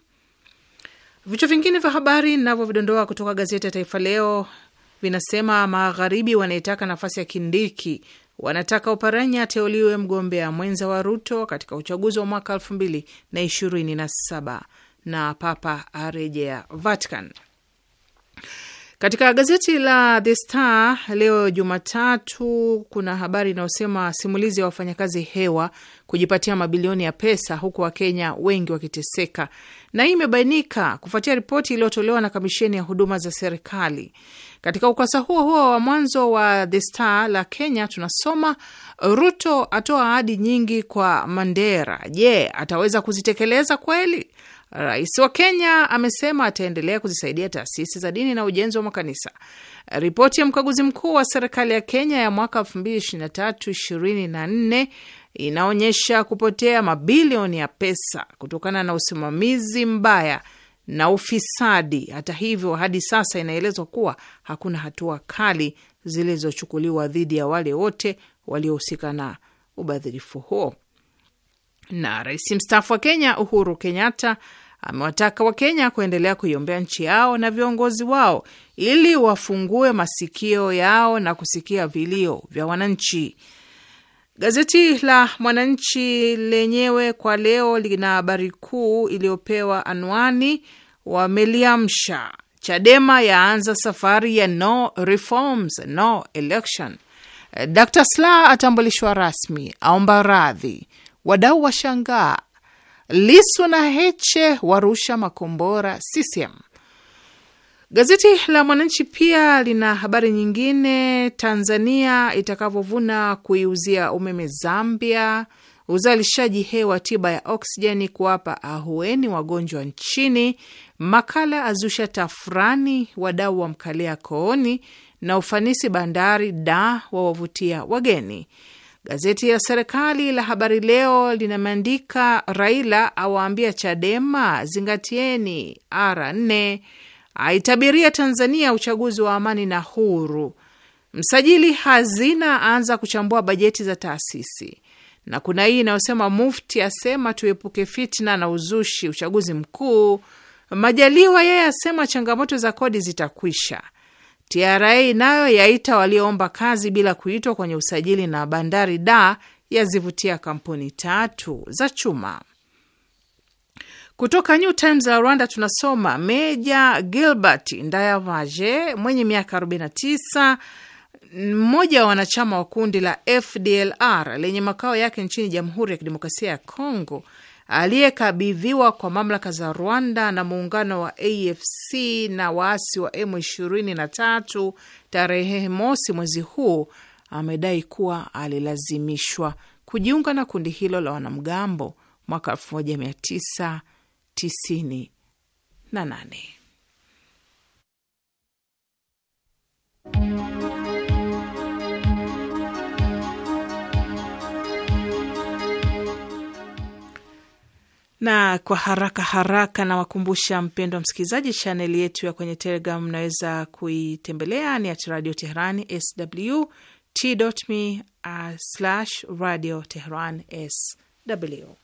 Vichwa vingine vya habari navyovidondoa kutoka gazeti ya Taifa Leo vinasema magharibi wanaitaka nafasi ya Kindiki, wanataka Oparanya ateuliwe mgombea mwenza wa Ruto katika uchaguzi wa mwaka elfu mbili na ishirini na saba na Papa arejea Vatican. Katika gazeti la The Star leo Jumatatu kuna habari inayosema simulizi ya wafanyakazi hewa kujipatia mabilioni ya pesa huku Wakenya wengi wakiteseka, na hii imebainika kufuatia ripoti iliyotolewa na kamisheni ya huduma za serikali. Katika ukurasa huo huo wa mwanzo wa The Star la Kenya tunasoma Ruto atoa ahadi nyingi kwa Mandera. Je, ataweza kuzitekeleza kweli? Rais wa Kenya amesema ataendelea kuzisaidia taasisi za dini na ujenzi wa makanisa. Ripoti ya mkaguzi mkuu wa serikali ya Kenya ya mwaka 2023/24 inaonyesha kupotea mabilioni ya pesa kutokana na usimamizi mbaya na ufisadi. Hata hivyo, hadi sasa inaelezwa kuwa hakuna hatua kali zilizochukuliwa dhidi ya wale wote waliohusika na ubadhirifu huo. Na rais mstaafu wa Kenya Uhuru Kenyatta amewataka Wakenya kuendelea kuiombea nchi yao na viongozi wao ili wafungue masikio yao na kusikia vilio vya wananchi. Gazeti la Mwananchi lenyewe kwa leo lina habari kuu iliyopewa anwani wameliamsha Chadema yaanza safari ya no reforms no election. Dr sla atambulishwa rasmi, aomba radhi, wadau washangaa. Lisu na Heche warusha makombora CCM. Gazeti la Mwananchi pia lina habari nyingine: Tanzania itakavyovuna kuiuzia umeme Zambia, uzalishaji hewa tiba ya oksijeni kuwapa ahueni wagonjwa nchini, makala azusha tafurani, wadau wa mkalia kooni, na ufanisi bandari da wawavutia wageni. Gazeti la serikali la Habari Leo linameandika Raila awaambia Chadema zingatieni R nne aitabiria Tanzania uchaguzi wa amani na huru. Msajili hazina aanza kuchambua bajeti za taasisi, na kuna hii inayosema Mufti asema tuepuke fitna na uzushi uchaguzi mkuu. Majaliwa yeye asema changamoto za kodi zitakwisha. TRA nayo yaita walioomba kazi bila kuitwa kwenye usajili, na bandari da yazivutia kampuni tatu za chuma. Kutoka New Times ya Rwanda tunasoma Meja Gilbert Ndayavaje mwenye miaka 49, mmoja wa wanachama wa kundi la FDLR lenye makao yake nchini Jamhuri ya Kidemokrasia ya Kongo, aliyekabidhiwa kwa mamlaka za Rwanda na muungano wa AFC na waasi wa M23 tarehe mosi mwezi huu, amedai kuwa alilazimishwa kujiunga na kundi hilo la wanamgambo mwaka 19 tisini na nane. Na kwa haraka haraka nawakumbusha mpendwa msikilizaji, chaneli yetu ya kwenye Telegram mnaweza kuitembelea ni at Radio Tehran sw t.me uh, slash Radio Tehran sw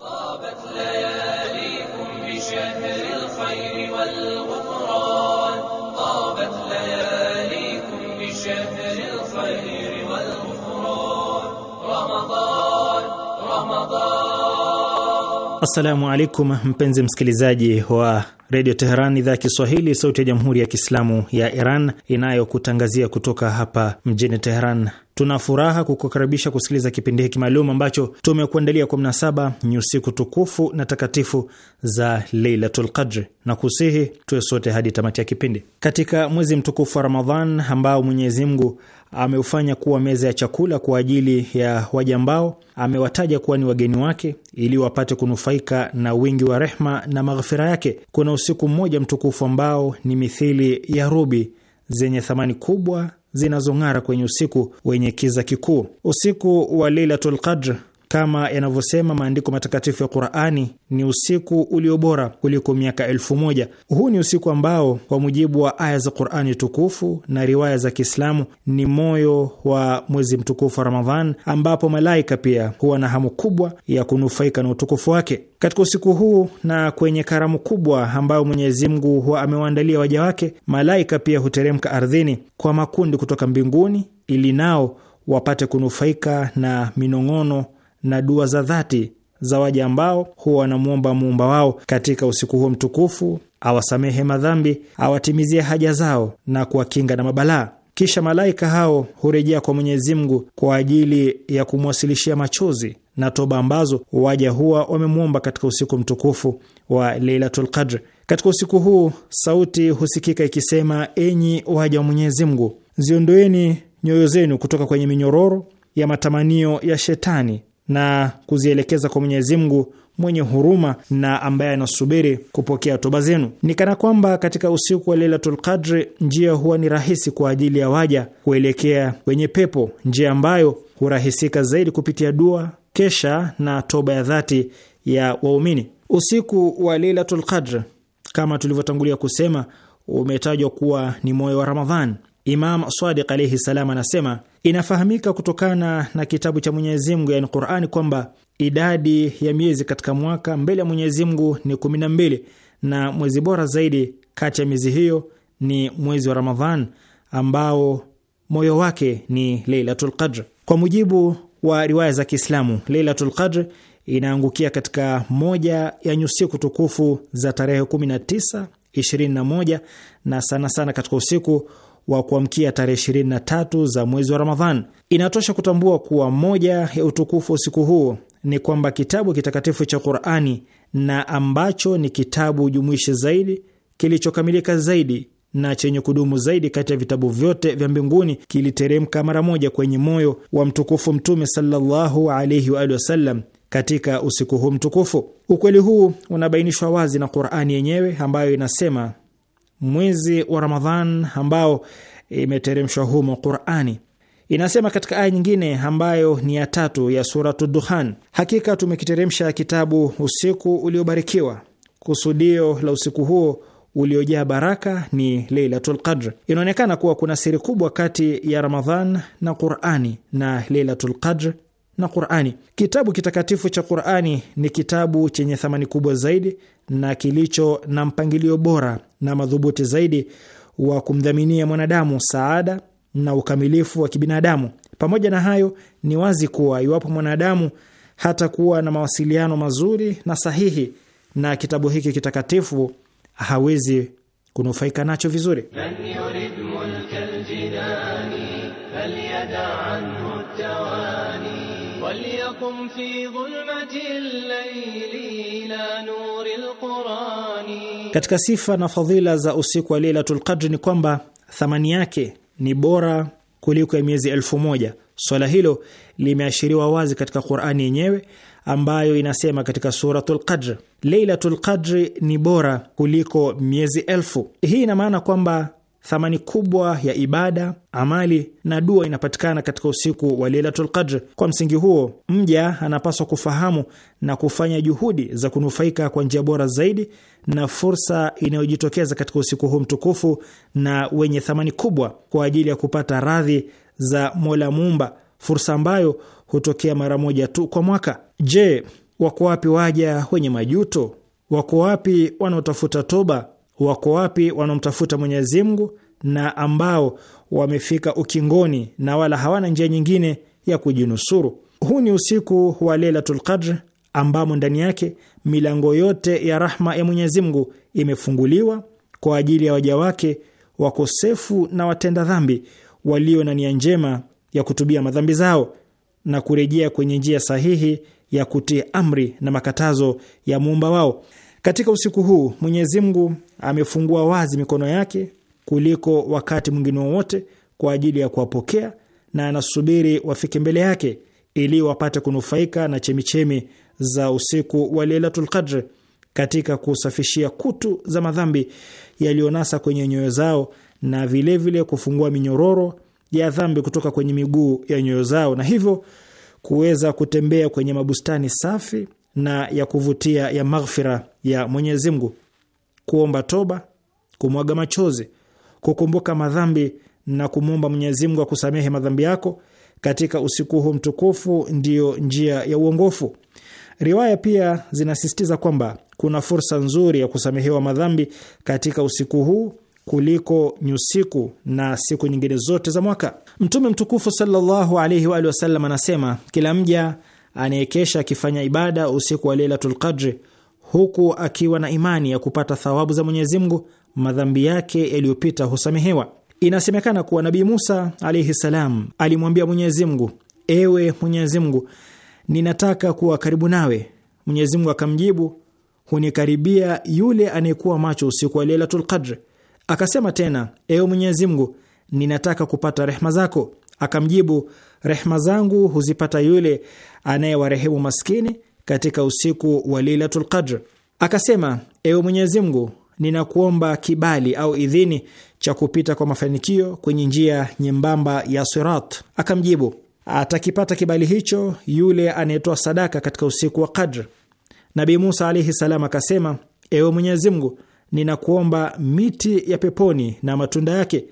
طابت لياليكم بشهر الخير والغفران طابت لياليكم بشهر الخير والغفران رمضان رمضان السلام عليكم mpenzi msikilizaji wa Redio Teheran, idhaa ya Kiswahili, sauti ya jamhuri ya kiislamu ya Iran, inayokutangazia kutoka hapa mjini Teheran. Tuna furaha kukukaribisha kusikiliza kipindi hiki maalum ambacho tumekuandalia kwa mnasaba usiku tukufu na takatifu za Leilatul Qadri, na kusihi tuwe sote hadi tamati ya kipindi katika mwezi mtukufu wa Ramadhan ambao Mwenyezi Mungu ameufanya kuwa meza ya chakula kwa ajili ya waja ambao amewataja kuwa ni wageni wake ili wapate kunufaika na wingi wa rehma na maghfira yake. Kuna usiku mmoja mtukufu ambao ni mithili ya rubi zenye thamani kubwa zinazong'ara kwenye usiku wenye kiza kikuu, usiku wa Lailatul Qadr kama yanavyosema maandiko matakatifu ya Qur'ani, ni usiku ulio bora kuliko miaka elfu moja. Huu ni usiku ambao kwa mujibu wa aya za Qur'ani tukufu na riwaya za Kiislamu ni moyo wa mwezi mtukufu wa Ramadhan, ambapo malaika pia huwa na hamu kubwa ya kunufaika na utukufu wake. Katika usiku huu na kwenye karamu kubwa ambayo Mwenyezi Mungu huwa amewaandalia waja wake, malaika pia huteremka ardhini kwa makundi kutoka mbinguni ili nao wapate kunufaika na minong'ono na dua za dhati za waja ambao huwa wanamwomba muumba wao katika usiku huo mtukufu awasamehe madhambi, awatimizie haja zao na kuwakinga na mabalaa. Kisha malaika hao hurejea kwa Mwenyezi Mungu kwa ajili ya kumwasilishia machozi na toba ambazo waja huwa wamemwomba katika usiku mtukufu wa Leilatul Qadr. Katika usiku huu sauti husikika ikisema, enyi waja wa Mwenyezi Mungu, ziondoeni nyoyo zenu kutoka kwenye minyororo ya matamanio ya shetani na kuzielekeza kwa Mwenyezi Mungu mwenye huruma na ambaye anasubiri kupokea toba zenu. Ni kana kwamba katika usiku wa Lailatul Qadri njia huwa ni rahisi kwa ajili ya waja kuelekea kwenye pepo, njia ambayo hurahisika zaidi kupitia dua, kesha na toba ya dhati ya waumini. Usiku wa Lailatul Qadr kama tulivyotangulia kusema umetajwa kuwa ni moyo wa Ramadhani. Imam Sadiq alaihi salam anasema inafahamika kutokana na kitabu cha Mwenyezi Mungu yani Qur'ani kwamba idadi ya miezi katika mwaka mbele ya Mwenyezi Mungu ni 12 na mwezi bora zaidi kati ya miezi hiyo ni mwezi wa Ramadhan ambao moyo wake ni Lailatul Qadr. Kwa mujibu wa riwaya za Kiislamu, Lailatul Qadr inaangukia katika moja ya nyusiku tukufu za tarehe 19, 21 na sana sana katika usiku wa kuamkia tarehe 23 za mwezi wa Ramadhan. Inatosha kutambua kuwa moja ya utukufu wa usiku huu ni kwamba kitabu kitakatifu cha Qur'ani na ambacho ni kitabu jumuishi zaidi kilichokamilika zaidi na chenye kudumu zaidi kati ya vitabu vyote vya mbinguni kiliteremka mara moja kwenye moyo wa mtukufu Mtume sallallahu alaihi wasallam katika usiku huu mtukufu. Ukweli huu unabainishwa wazi na Qur'ani yenyewe ambayo inasema mwezi wa Ramadhan ambao imeteremshwa humo Qurani. Inasema katika aya nyingine ambayo ni ya tatu ya Suratu Dukhan, hakika tumekiteremsha kitabu usiku uliobarikiwa, kusudio la usiku huo uliojaa baraka ni Leilatul Qadr. Inaonekana kuwa kuna siri kubwa kati ya Ramadhan na Qurani na Leilatul Qadr na Qurani. Kitabu kitakatifu cha Qurani ni kitabu chenye thamani kubwa zaidi na kilicho na mpangilio bora na madhubuti zaidi wa kumdhaminia mwanadamu saada na ukamilifu wa kibinadamu. Pamoja na hayo, ni wazi kuwa iwapo mwanadamu hata kuwa na mawasiliano mazuri na sahihi na kitabu hiki kitakatifu, hawezi kunufaika nacho vizuri. هم في dhulmati al-layli ila nuri Katika sifa na fadhila za usiku wa Lailatul Qadr ni kwamba thamani yake ni bora kuliko ya miezi elfu moja. Swala hilo limeashiriwa wazi katika Qur'ani yenyewe ambayo inasema katika Suratul Qadr, Lailatul Qadr ni bora kuliko miezi elfu. Hii ina maana kwamba Thamani kubwa ya ibada, amali na dua inapatikana katika usiku wa Lailatul Qadr. Kwa msingi huo, mja anapaswa kufahamu na kufanya juhudi za kunufaika kwa njia bora zaidi na fursa inayojitokeza katika usiku huu mtukufu na wenye thamani kubwa kwa ajili ya kupata radhi za Mola Muumba, fursa ambayo hutokea mara moja tu kwa mwaka. Je, wako wapi waja wenye majuto? Wako wapi wanaotafuta toba? wako wapi wanaomtafuta Mwenyezi Mungu na ambao wamefika ukingoni na wala hawana njia nyingine ya kujinusuru. Huu ni usiku wa Lailatul Qadr ambamo ndani yake milango yote ya rahma ya Mwenyezi Mungu imefunguliwa kwa ajili ya waja wake wakosefu na watenda dhambi walio na nia njema ya kutubia madhambi zao na kurejea kwenye njia sahihi ya kutii amri na makatazo ya muumba wao. Katika usiku huu Mwenyezi Mungu amefungua wazi mikono yake kuliko wakati mwingine wowote kwa ajili ya kuwapokea na anasubiri wafike mbele yake ili wapate kunufaika na chemichemi za usiku wa Lailatul Qadr katika kusafishia kutu za madhambi yaliyonasa kwenye nyoyo zao na vilevile vile kufungua minyororo ya dhambi kutoka kwenye miguu ya nyoyo zao na hivyo kuweza kutembea kwenye mabustani safi na ya kuvutia ya maghfira ya Mwenyezi Mungu, kuomba toba, kumwaga machozi, kukumbuka madhambi na kumwomba Mwenyezi Mungu akusamehe madhambi yako katika usiku huu mtukufu ndiyo njia ya uongofu. Riwaya pia zinasisitiza kwamba kuna fursa nzuri ya kusamehewa madhambi katika usiku huu kuliko nyusiku na siku nyingine zote za mwaka. Mtume mtukufu sallallahu alaihi wa alihi wasallam anasema, kila mja anayekesha akifanya ibada usiku wa Lailatul Qadri huku akiwa na imani ya kupata thawabu za Mwenyezi Mungu, madhambi yake yaliyopita husamehewa. Inasemekana kuwa Nabii Musa alaihi salam alimwambia Mwenyezi Mungu, ewe Mwenyezi Mungu, ninataka kuwa karibu nawe. Mwenyezi Mungu akamjibu, hunikaribia yule anayekuwa macho usiku wa Lailatul Qadri. Akasema tena, ewe Mwenyezi Mungu, ninataka kupata rehma zako. Akamjibu, Rehma zangu huzipata yule anayewarehemu maskini katika usiku wa Lailatul Qadr. Akasema, ewe Mwenyezi Mungu, ninakuomba kibali au idhini cha kupita kwa mafanikio kwenye njia nyembamba ya sirat. Akamjibu, atakipata kibali hicho yule anayetoa sadaka katika usiku wa Qadr. nabi Musa alaihi salam akasema, ewe Mwenyezi Mungu, ninakuomba miti ya peponi na matunda yake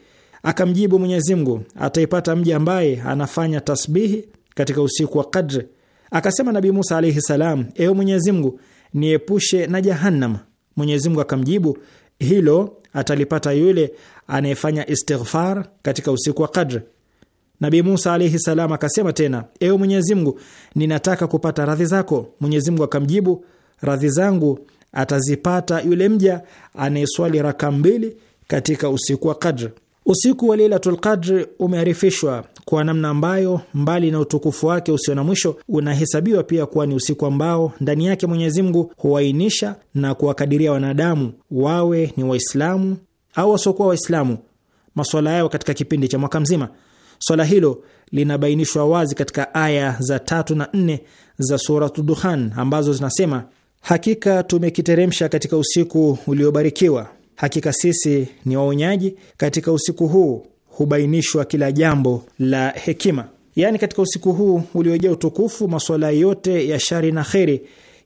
Akamjibu Mwenyezi Mungu, ataipata mja ambaye anafanya tasbihi katika usiku wa kadri. Akasema Nabii Musa alaihi salam, ewe Mwenyezi Mungu, niepushe na Jahannam. Mwenyezi Mungu akamjibu, hilo atalipata yule anayefanya istighfar katika usiku wa kadri. Nabii Musa alaihi salam akasema tena, ewe Mwenyezi Mungu, ninataka kupata radhi zako. Mwenyezi Mungu akamjibu, radhi zangu atazipata yule mja anayeswali raka mbili katika usiku wa kadri. Usiku wa Lailatul Qadr umearifishwa kwa namna ambayo mbali na utukufu wake usio na mwisho unahesabiwa pia kuwa ni usiku ambao ndani yake Mwenyezi Mungu huainisha na kuwakadiria wanadamu wawe ni Waislamu au wasiokuwa Waislamu maswala yao katika kipindi cha mwaka mzima. Swala hilo linabainishwa wazi katika aya za tatu na nne za Suratu Duhan ambazo zinasema, hakika tumekiteremsha katika usiku uliobarikiwa Hakika sisi ni waonyaji, katika usiku huu hubainishwa kila jambo la hekima. Yaani, katika usiku huu uliojaa utukufu, masuala yote ya shari na kheri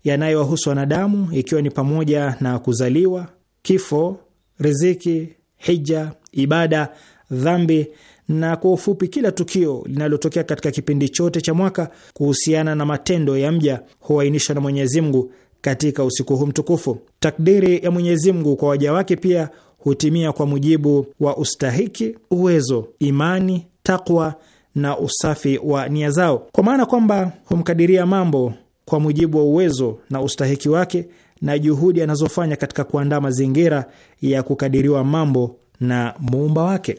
yanayowahusu wanadamu, ikiwa ni pamoja na kuzaliwa, kifo, riziki, hija, ibada, dhambi na kwa ufupi, kila tukio linalotokea katika kipindi chote cha mwaka kuhusiana na matendo ya mja huainishwa na Mwenyezi Mungu katika usiku huu mtukufu. Takdiri ya Mwenyezi Mungu kwa waja wake pia hutimia kwa mujibu wa ustahiki, uwezo, imani, takwa na usafi wa nia zao, kwa maana kwamba humkadiria mambo kwa mujibu wa uwezo na ustahiki wake na juhudi anazofanya katika kuandaa mazingira ya kukadiriwa mambo na muumba wake.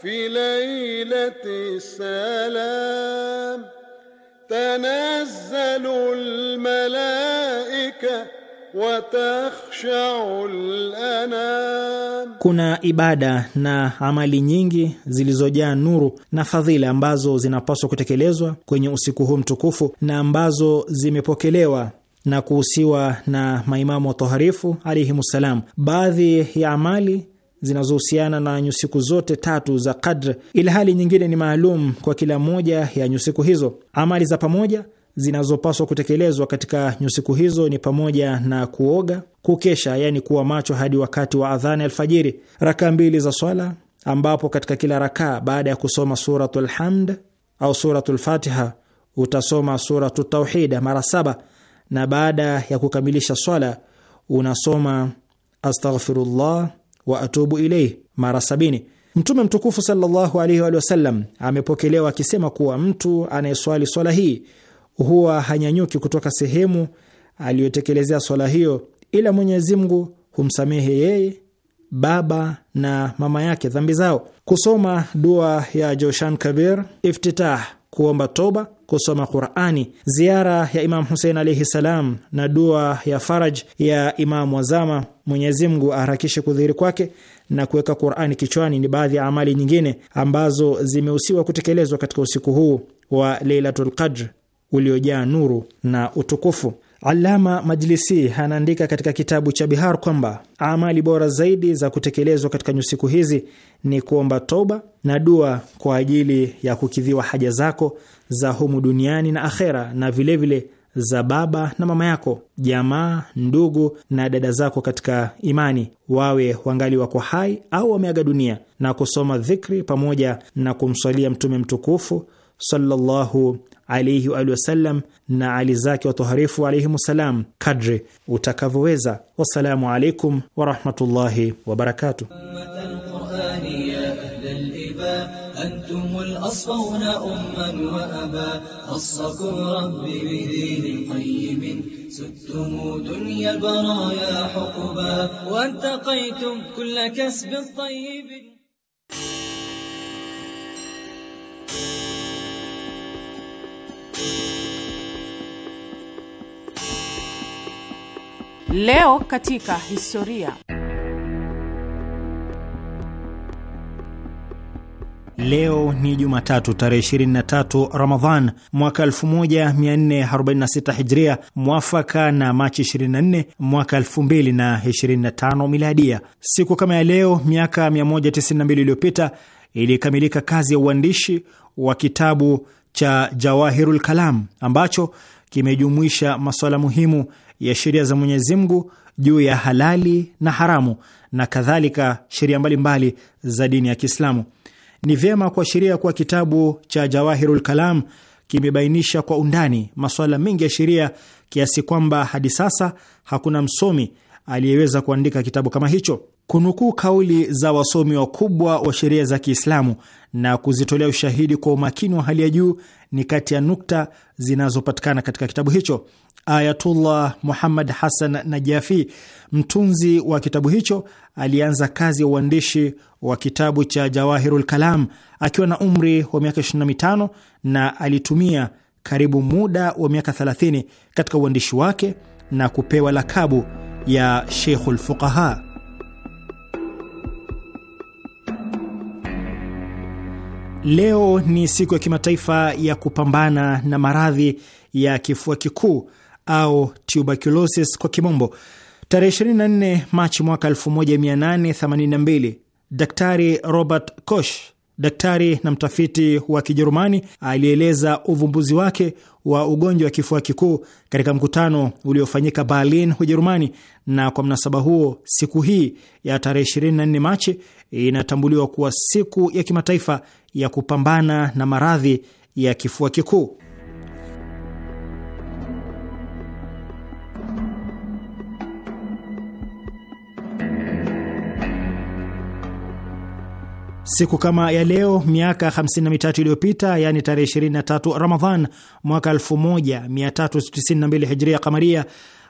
fi fi تنزل الملائكة وتخشع الأنام. Kuna ibada na amali nyingi zilizojaa nuru na fadhila ambazo zinapaswa kutekelezwa kwenye usiku huu mtukufu na ambazo zimepokelewa na kuhusiwa na maimamu watoharifu alaihimussalam. Baadhi ya amali zinazohusiana na nyusiku zote tatu za Qadr, ilhali nyingine ni maalum kwa kila moja ya nyusiku hizo. Amali za pamoja zinazopaswa kutekelezwa katika nyusiku hizo ni pamoja na kuoga, kukesha, yani kuwa macho hadi wakati wa adhani alfajiri, rakaa mbili za swala, ambapo katika kila rakaa baada ya kusoma suratu lhamd au suratu lfatiha utasoma Suratu Tauhid mara saba, na baada ya kukamilisha swala unasoma astaghfirullah wa atubu ilaihi mara sabini. Mtume mtukufu sallallahu alaihi wa sallam amepokelewa akisema kuwa mtu anayeswali swala hii huwa hanyanyuki kutoka sehemu aliyotekelezea swala hiyo, ila Mwenyezi Mungu humsamehe yeye, baba na mama yake dhambi zao. Kusoma dua ya Joshan Kabir iftitah kuomba toba, kusoma Qurani, ziara ya Imamu Husein alaihi salam na dua ya faraj ya Imamu Wazama, Mwenyezi Mungu aharakishe kudhihiri kwake, na kuweka Qurani kichwani ni baadhi ya amali nyingine ambazo zimehusiwa kutekelezwa katika usiku huu wa Leilatul Qadr uliojaa nuru na utukufu. Alama Majlisi anaandika katika kitabu cha Bihar kwamba amali bora zaidi za kutekelezwa katika nyusiku hizi ni kuomba toba na dua kwa ajili ya kukidhiwa haja zako za humu duniani na akhera, na vilevile vile za baba na mama yako, jamaa, ndugu na dada zako katika imani, wawe wangali wako hai au wameaga dunia, na kusoma dhikri pamoja na kumswalia Mtume mtukufu sallallahu alaihi waalihi wasallam na ali zake watoharifu alaihimussalam kadri utakavyoweza. Wassalamu alaikum warahmatullahi wabarakatuh. أصفون أما وأبا خصكم ربي بدين قيم ستم دنيا البرايا حقبا وانتقيتم كل كسب طيب Leo katika historia. Leo ni Jumatatu tarehe 23 Ramadhan mwaka 1446 Hijria, mwafaka na Machi 24 mwaka 2025 Miladia. Siku kama ya leo miaka 192 iliyopita ilikamilika kazi ya uandishi wa kitabu cha Jawahirul Kalam ambacho kimejumuisha masuala muhimu ya sheria za Mwenyezi Mungu juu ya halali na haramu na kadhalika sheria mbalimbali za dini ya Kiislamu. Ni vyema kuashiria kuwa kitabu cha Jawahirul Kalam kimebainisha kwa undani masuala mengi ya sheria kiasi kwamba hadi sasa hakuna msomi aliyeweza kuandika kitabu kama hicho. Kunukuu kauli za wasomi wakubwa wa sheria za Kiislamu na kuzitolea ushahidi kwa umakini wa hali ya juu ni kati ya nukta zinazopatikana katika kitabu hicho. Ayatullah Muhammad Hassan Najafi, mtunzi wa kitabu hicho, alianza kazi ya uandishi wa kitabu cha Jawahirul Kalam akiwa na umri wa miaka 25 na alitumia karibu muda wa miaka 30 katika uandishi wake na kupewa lakabu ya Sheikhul Fuqaha. Leo ni siku ya kimataifa ya kupambana na maradhi ya kifua kikuu au tuberculosis kwa kimombo. Tarehe 24 Machi mwaka 1882 Daktari Robert Koch, daktari na mtafiti wa Kijerumani, alieleza uvumbuzi wake wa ugonjwa wa kifua kikuu katika mkutano uliofanyika Berlin, Ujerumani, na kwa mnasaba huo siku hii ya tarehe 24 Machi inatambuliwa kuwa siku ya kimataifa ya kupambana na maradhi ya kifua kikuu. Siku kama ya leo miaka 53 iliyopita, yaani tarehe 23 Ramadhan mwaka 1392 Hijria Kamaria,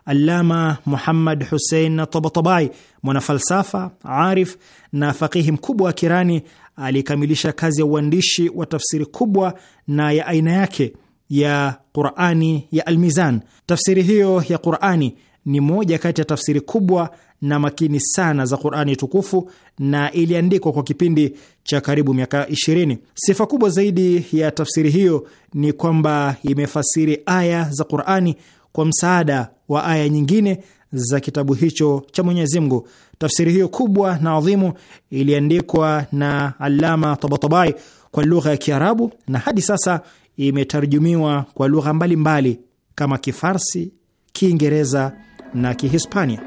Allama Muhammad Hussein Tabatabai, mwanafalsafa arif na faqihi mkubwa wa Kirani, alikamilisha kazi ya uandishi wa tafsiri kubwa na ya aina yake ya Qurani ya Almizan. Tafsiri hiyo ya Qurani ni moja kati ya tafsiri kubwa na makini sana za Qurani tukufu na iliandikwa kwa kipindi cha karibu miaka 20. Sifa kubwa zaidi ya tafsiri hiyo ni kwamba imefasiri aya za Qurani kwa msaada wa aya nyingine za kitabu hicho cha Mwenyezi Mungu. Tafsiri hiyo kubwa na adhimu iliandikwa na Allama Tabatabai kwa lugha ya Kiarabu na hadi sasa imetarjumiwa kwa lugha mbalimbali kama Kifarsi, Kiingereza na Kihispania.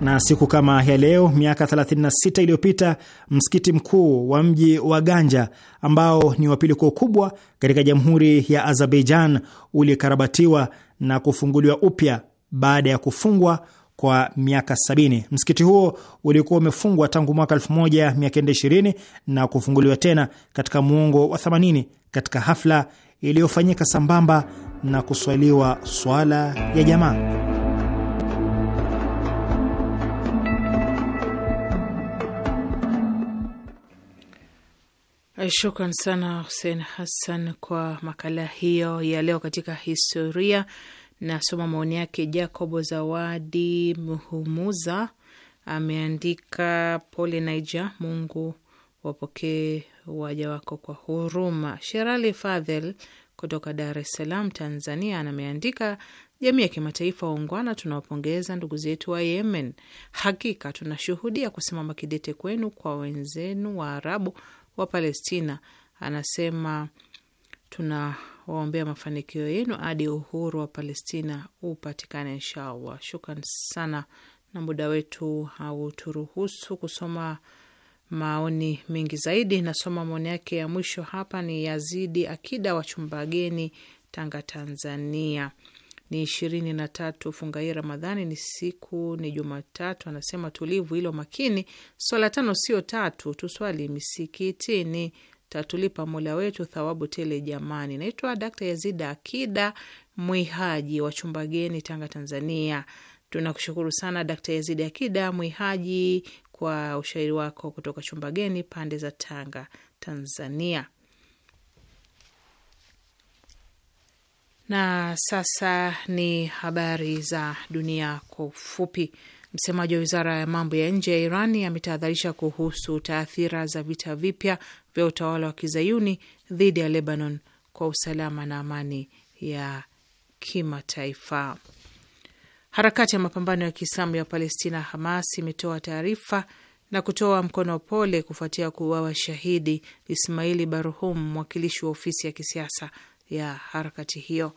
na siku kama ya leo miaka 36 iliyopita msikiti mkuu wa mji wa Ganja ambao ni wa pili kwa ukubwa katika jamhuri ya Azerbaijan ulikarabatiwa na kufunguliwa upya baada ya kufungwa kwa miaka 70. Msikiti huo ulikuwa umefungwa tangu mwaka 1920 na kufunguliwa tena katika muongo wa 80 katika hafla iliyofanyika sambamba na kuswaliwa swala ya jamaa. Eh, shukran sana husen Hassan kwa makala hiyo ya leo katika historia. Nasoma maoni yake. Jacob Zawadi Mhumuza ameandika pole Niger, Mungu wapokee waja wako kwa huruma. Sherali Fadhel kutoka Dar es Salaam, Tanzania, ameandika jamii ya kimataifa waungwana, tunawapongeza ndugu zetu wa Yemen. Hakika tunashuhudia kusimama kidete kwenu kwa wenzenu wa Arabu wa Palestina anasema tunawaombea mafanikio yenu hadi uhuru wa Palestina upatikane inshallah. Shukran sana, na muda wetu hauturuhusu kusoma maoni mengi zaidi. Nasoma maoni yake ya mwisho hapa, ni Yazidi Akida wa Chumbageni, Tanga, Tanzania ni ishirini na tatu Fungai Ramadhani ni siku ni Jumatatu. Anasema tulivu hilo makini, swala tano sio tatu, tuswali misikitini, tatulipa mola wetu thawabu tele jamani. Naitwa Dakta Yazida Akida Mwihaji wa Chumbageni, Tanga, Tanzania. Tunakushukuru sana Dakta Yazidi Akida Mwihaji kwa ushairi wako kutoka Chumbageni, pande za Tanga, Tanzania. Na sasa ni habari za dunia kwa ufupi. Msemaji wa wizara ya mambo ya nje ya Irani ametahadharisha kuhusu taathira za vita vipya vya utawala wa kizayuni dhidi ya Lebanon kwa usalama na amani ya kimataifa. Harakati ya mapambano ya kiislamu ya Palestina, Hamas, imetoa taarifa na kutoa mkono wa pole kufuatia kuuawa shahidi Ismaili Barhum, mwakilishi wa ofisi ya kisiasa ya harakati hiyo.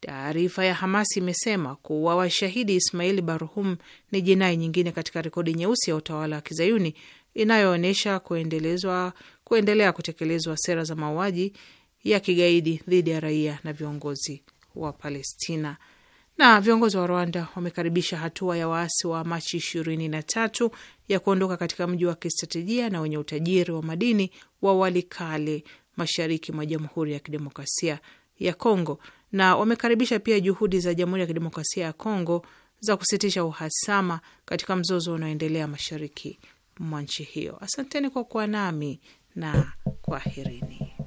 Taarifa ya Hamas imesema kuwa washahidi Ismail Barhum ni jinai nyingine katika rekodi nyeusi ya utawala wa kizayuni inayoonyesha kuendelezwa kuendelea kutekelezwa sera za mauaji ya kigaidi dhidi ya raia na viongozi wa Palestina. Na viongozi wa Rwanda wamekaribisha hatua ya waasi wa Machi ishirini na tatu ya kuondoka katika mji wa kistratejia na wenye utajiri wa madini wa Walikale mashariki mwa Jamhuri ya Kidemokrasia ya Kongo, na wamekaribisha pia juhudi za Jamhuri ya Kidemokrasia ya Kongo za kusitisha uhasama katika mzozo unaoendelea mashariki mwa nchi hiyo. Asanteni kwa kuwa nami na kwaherini.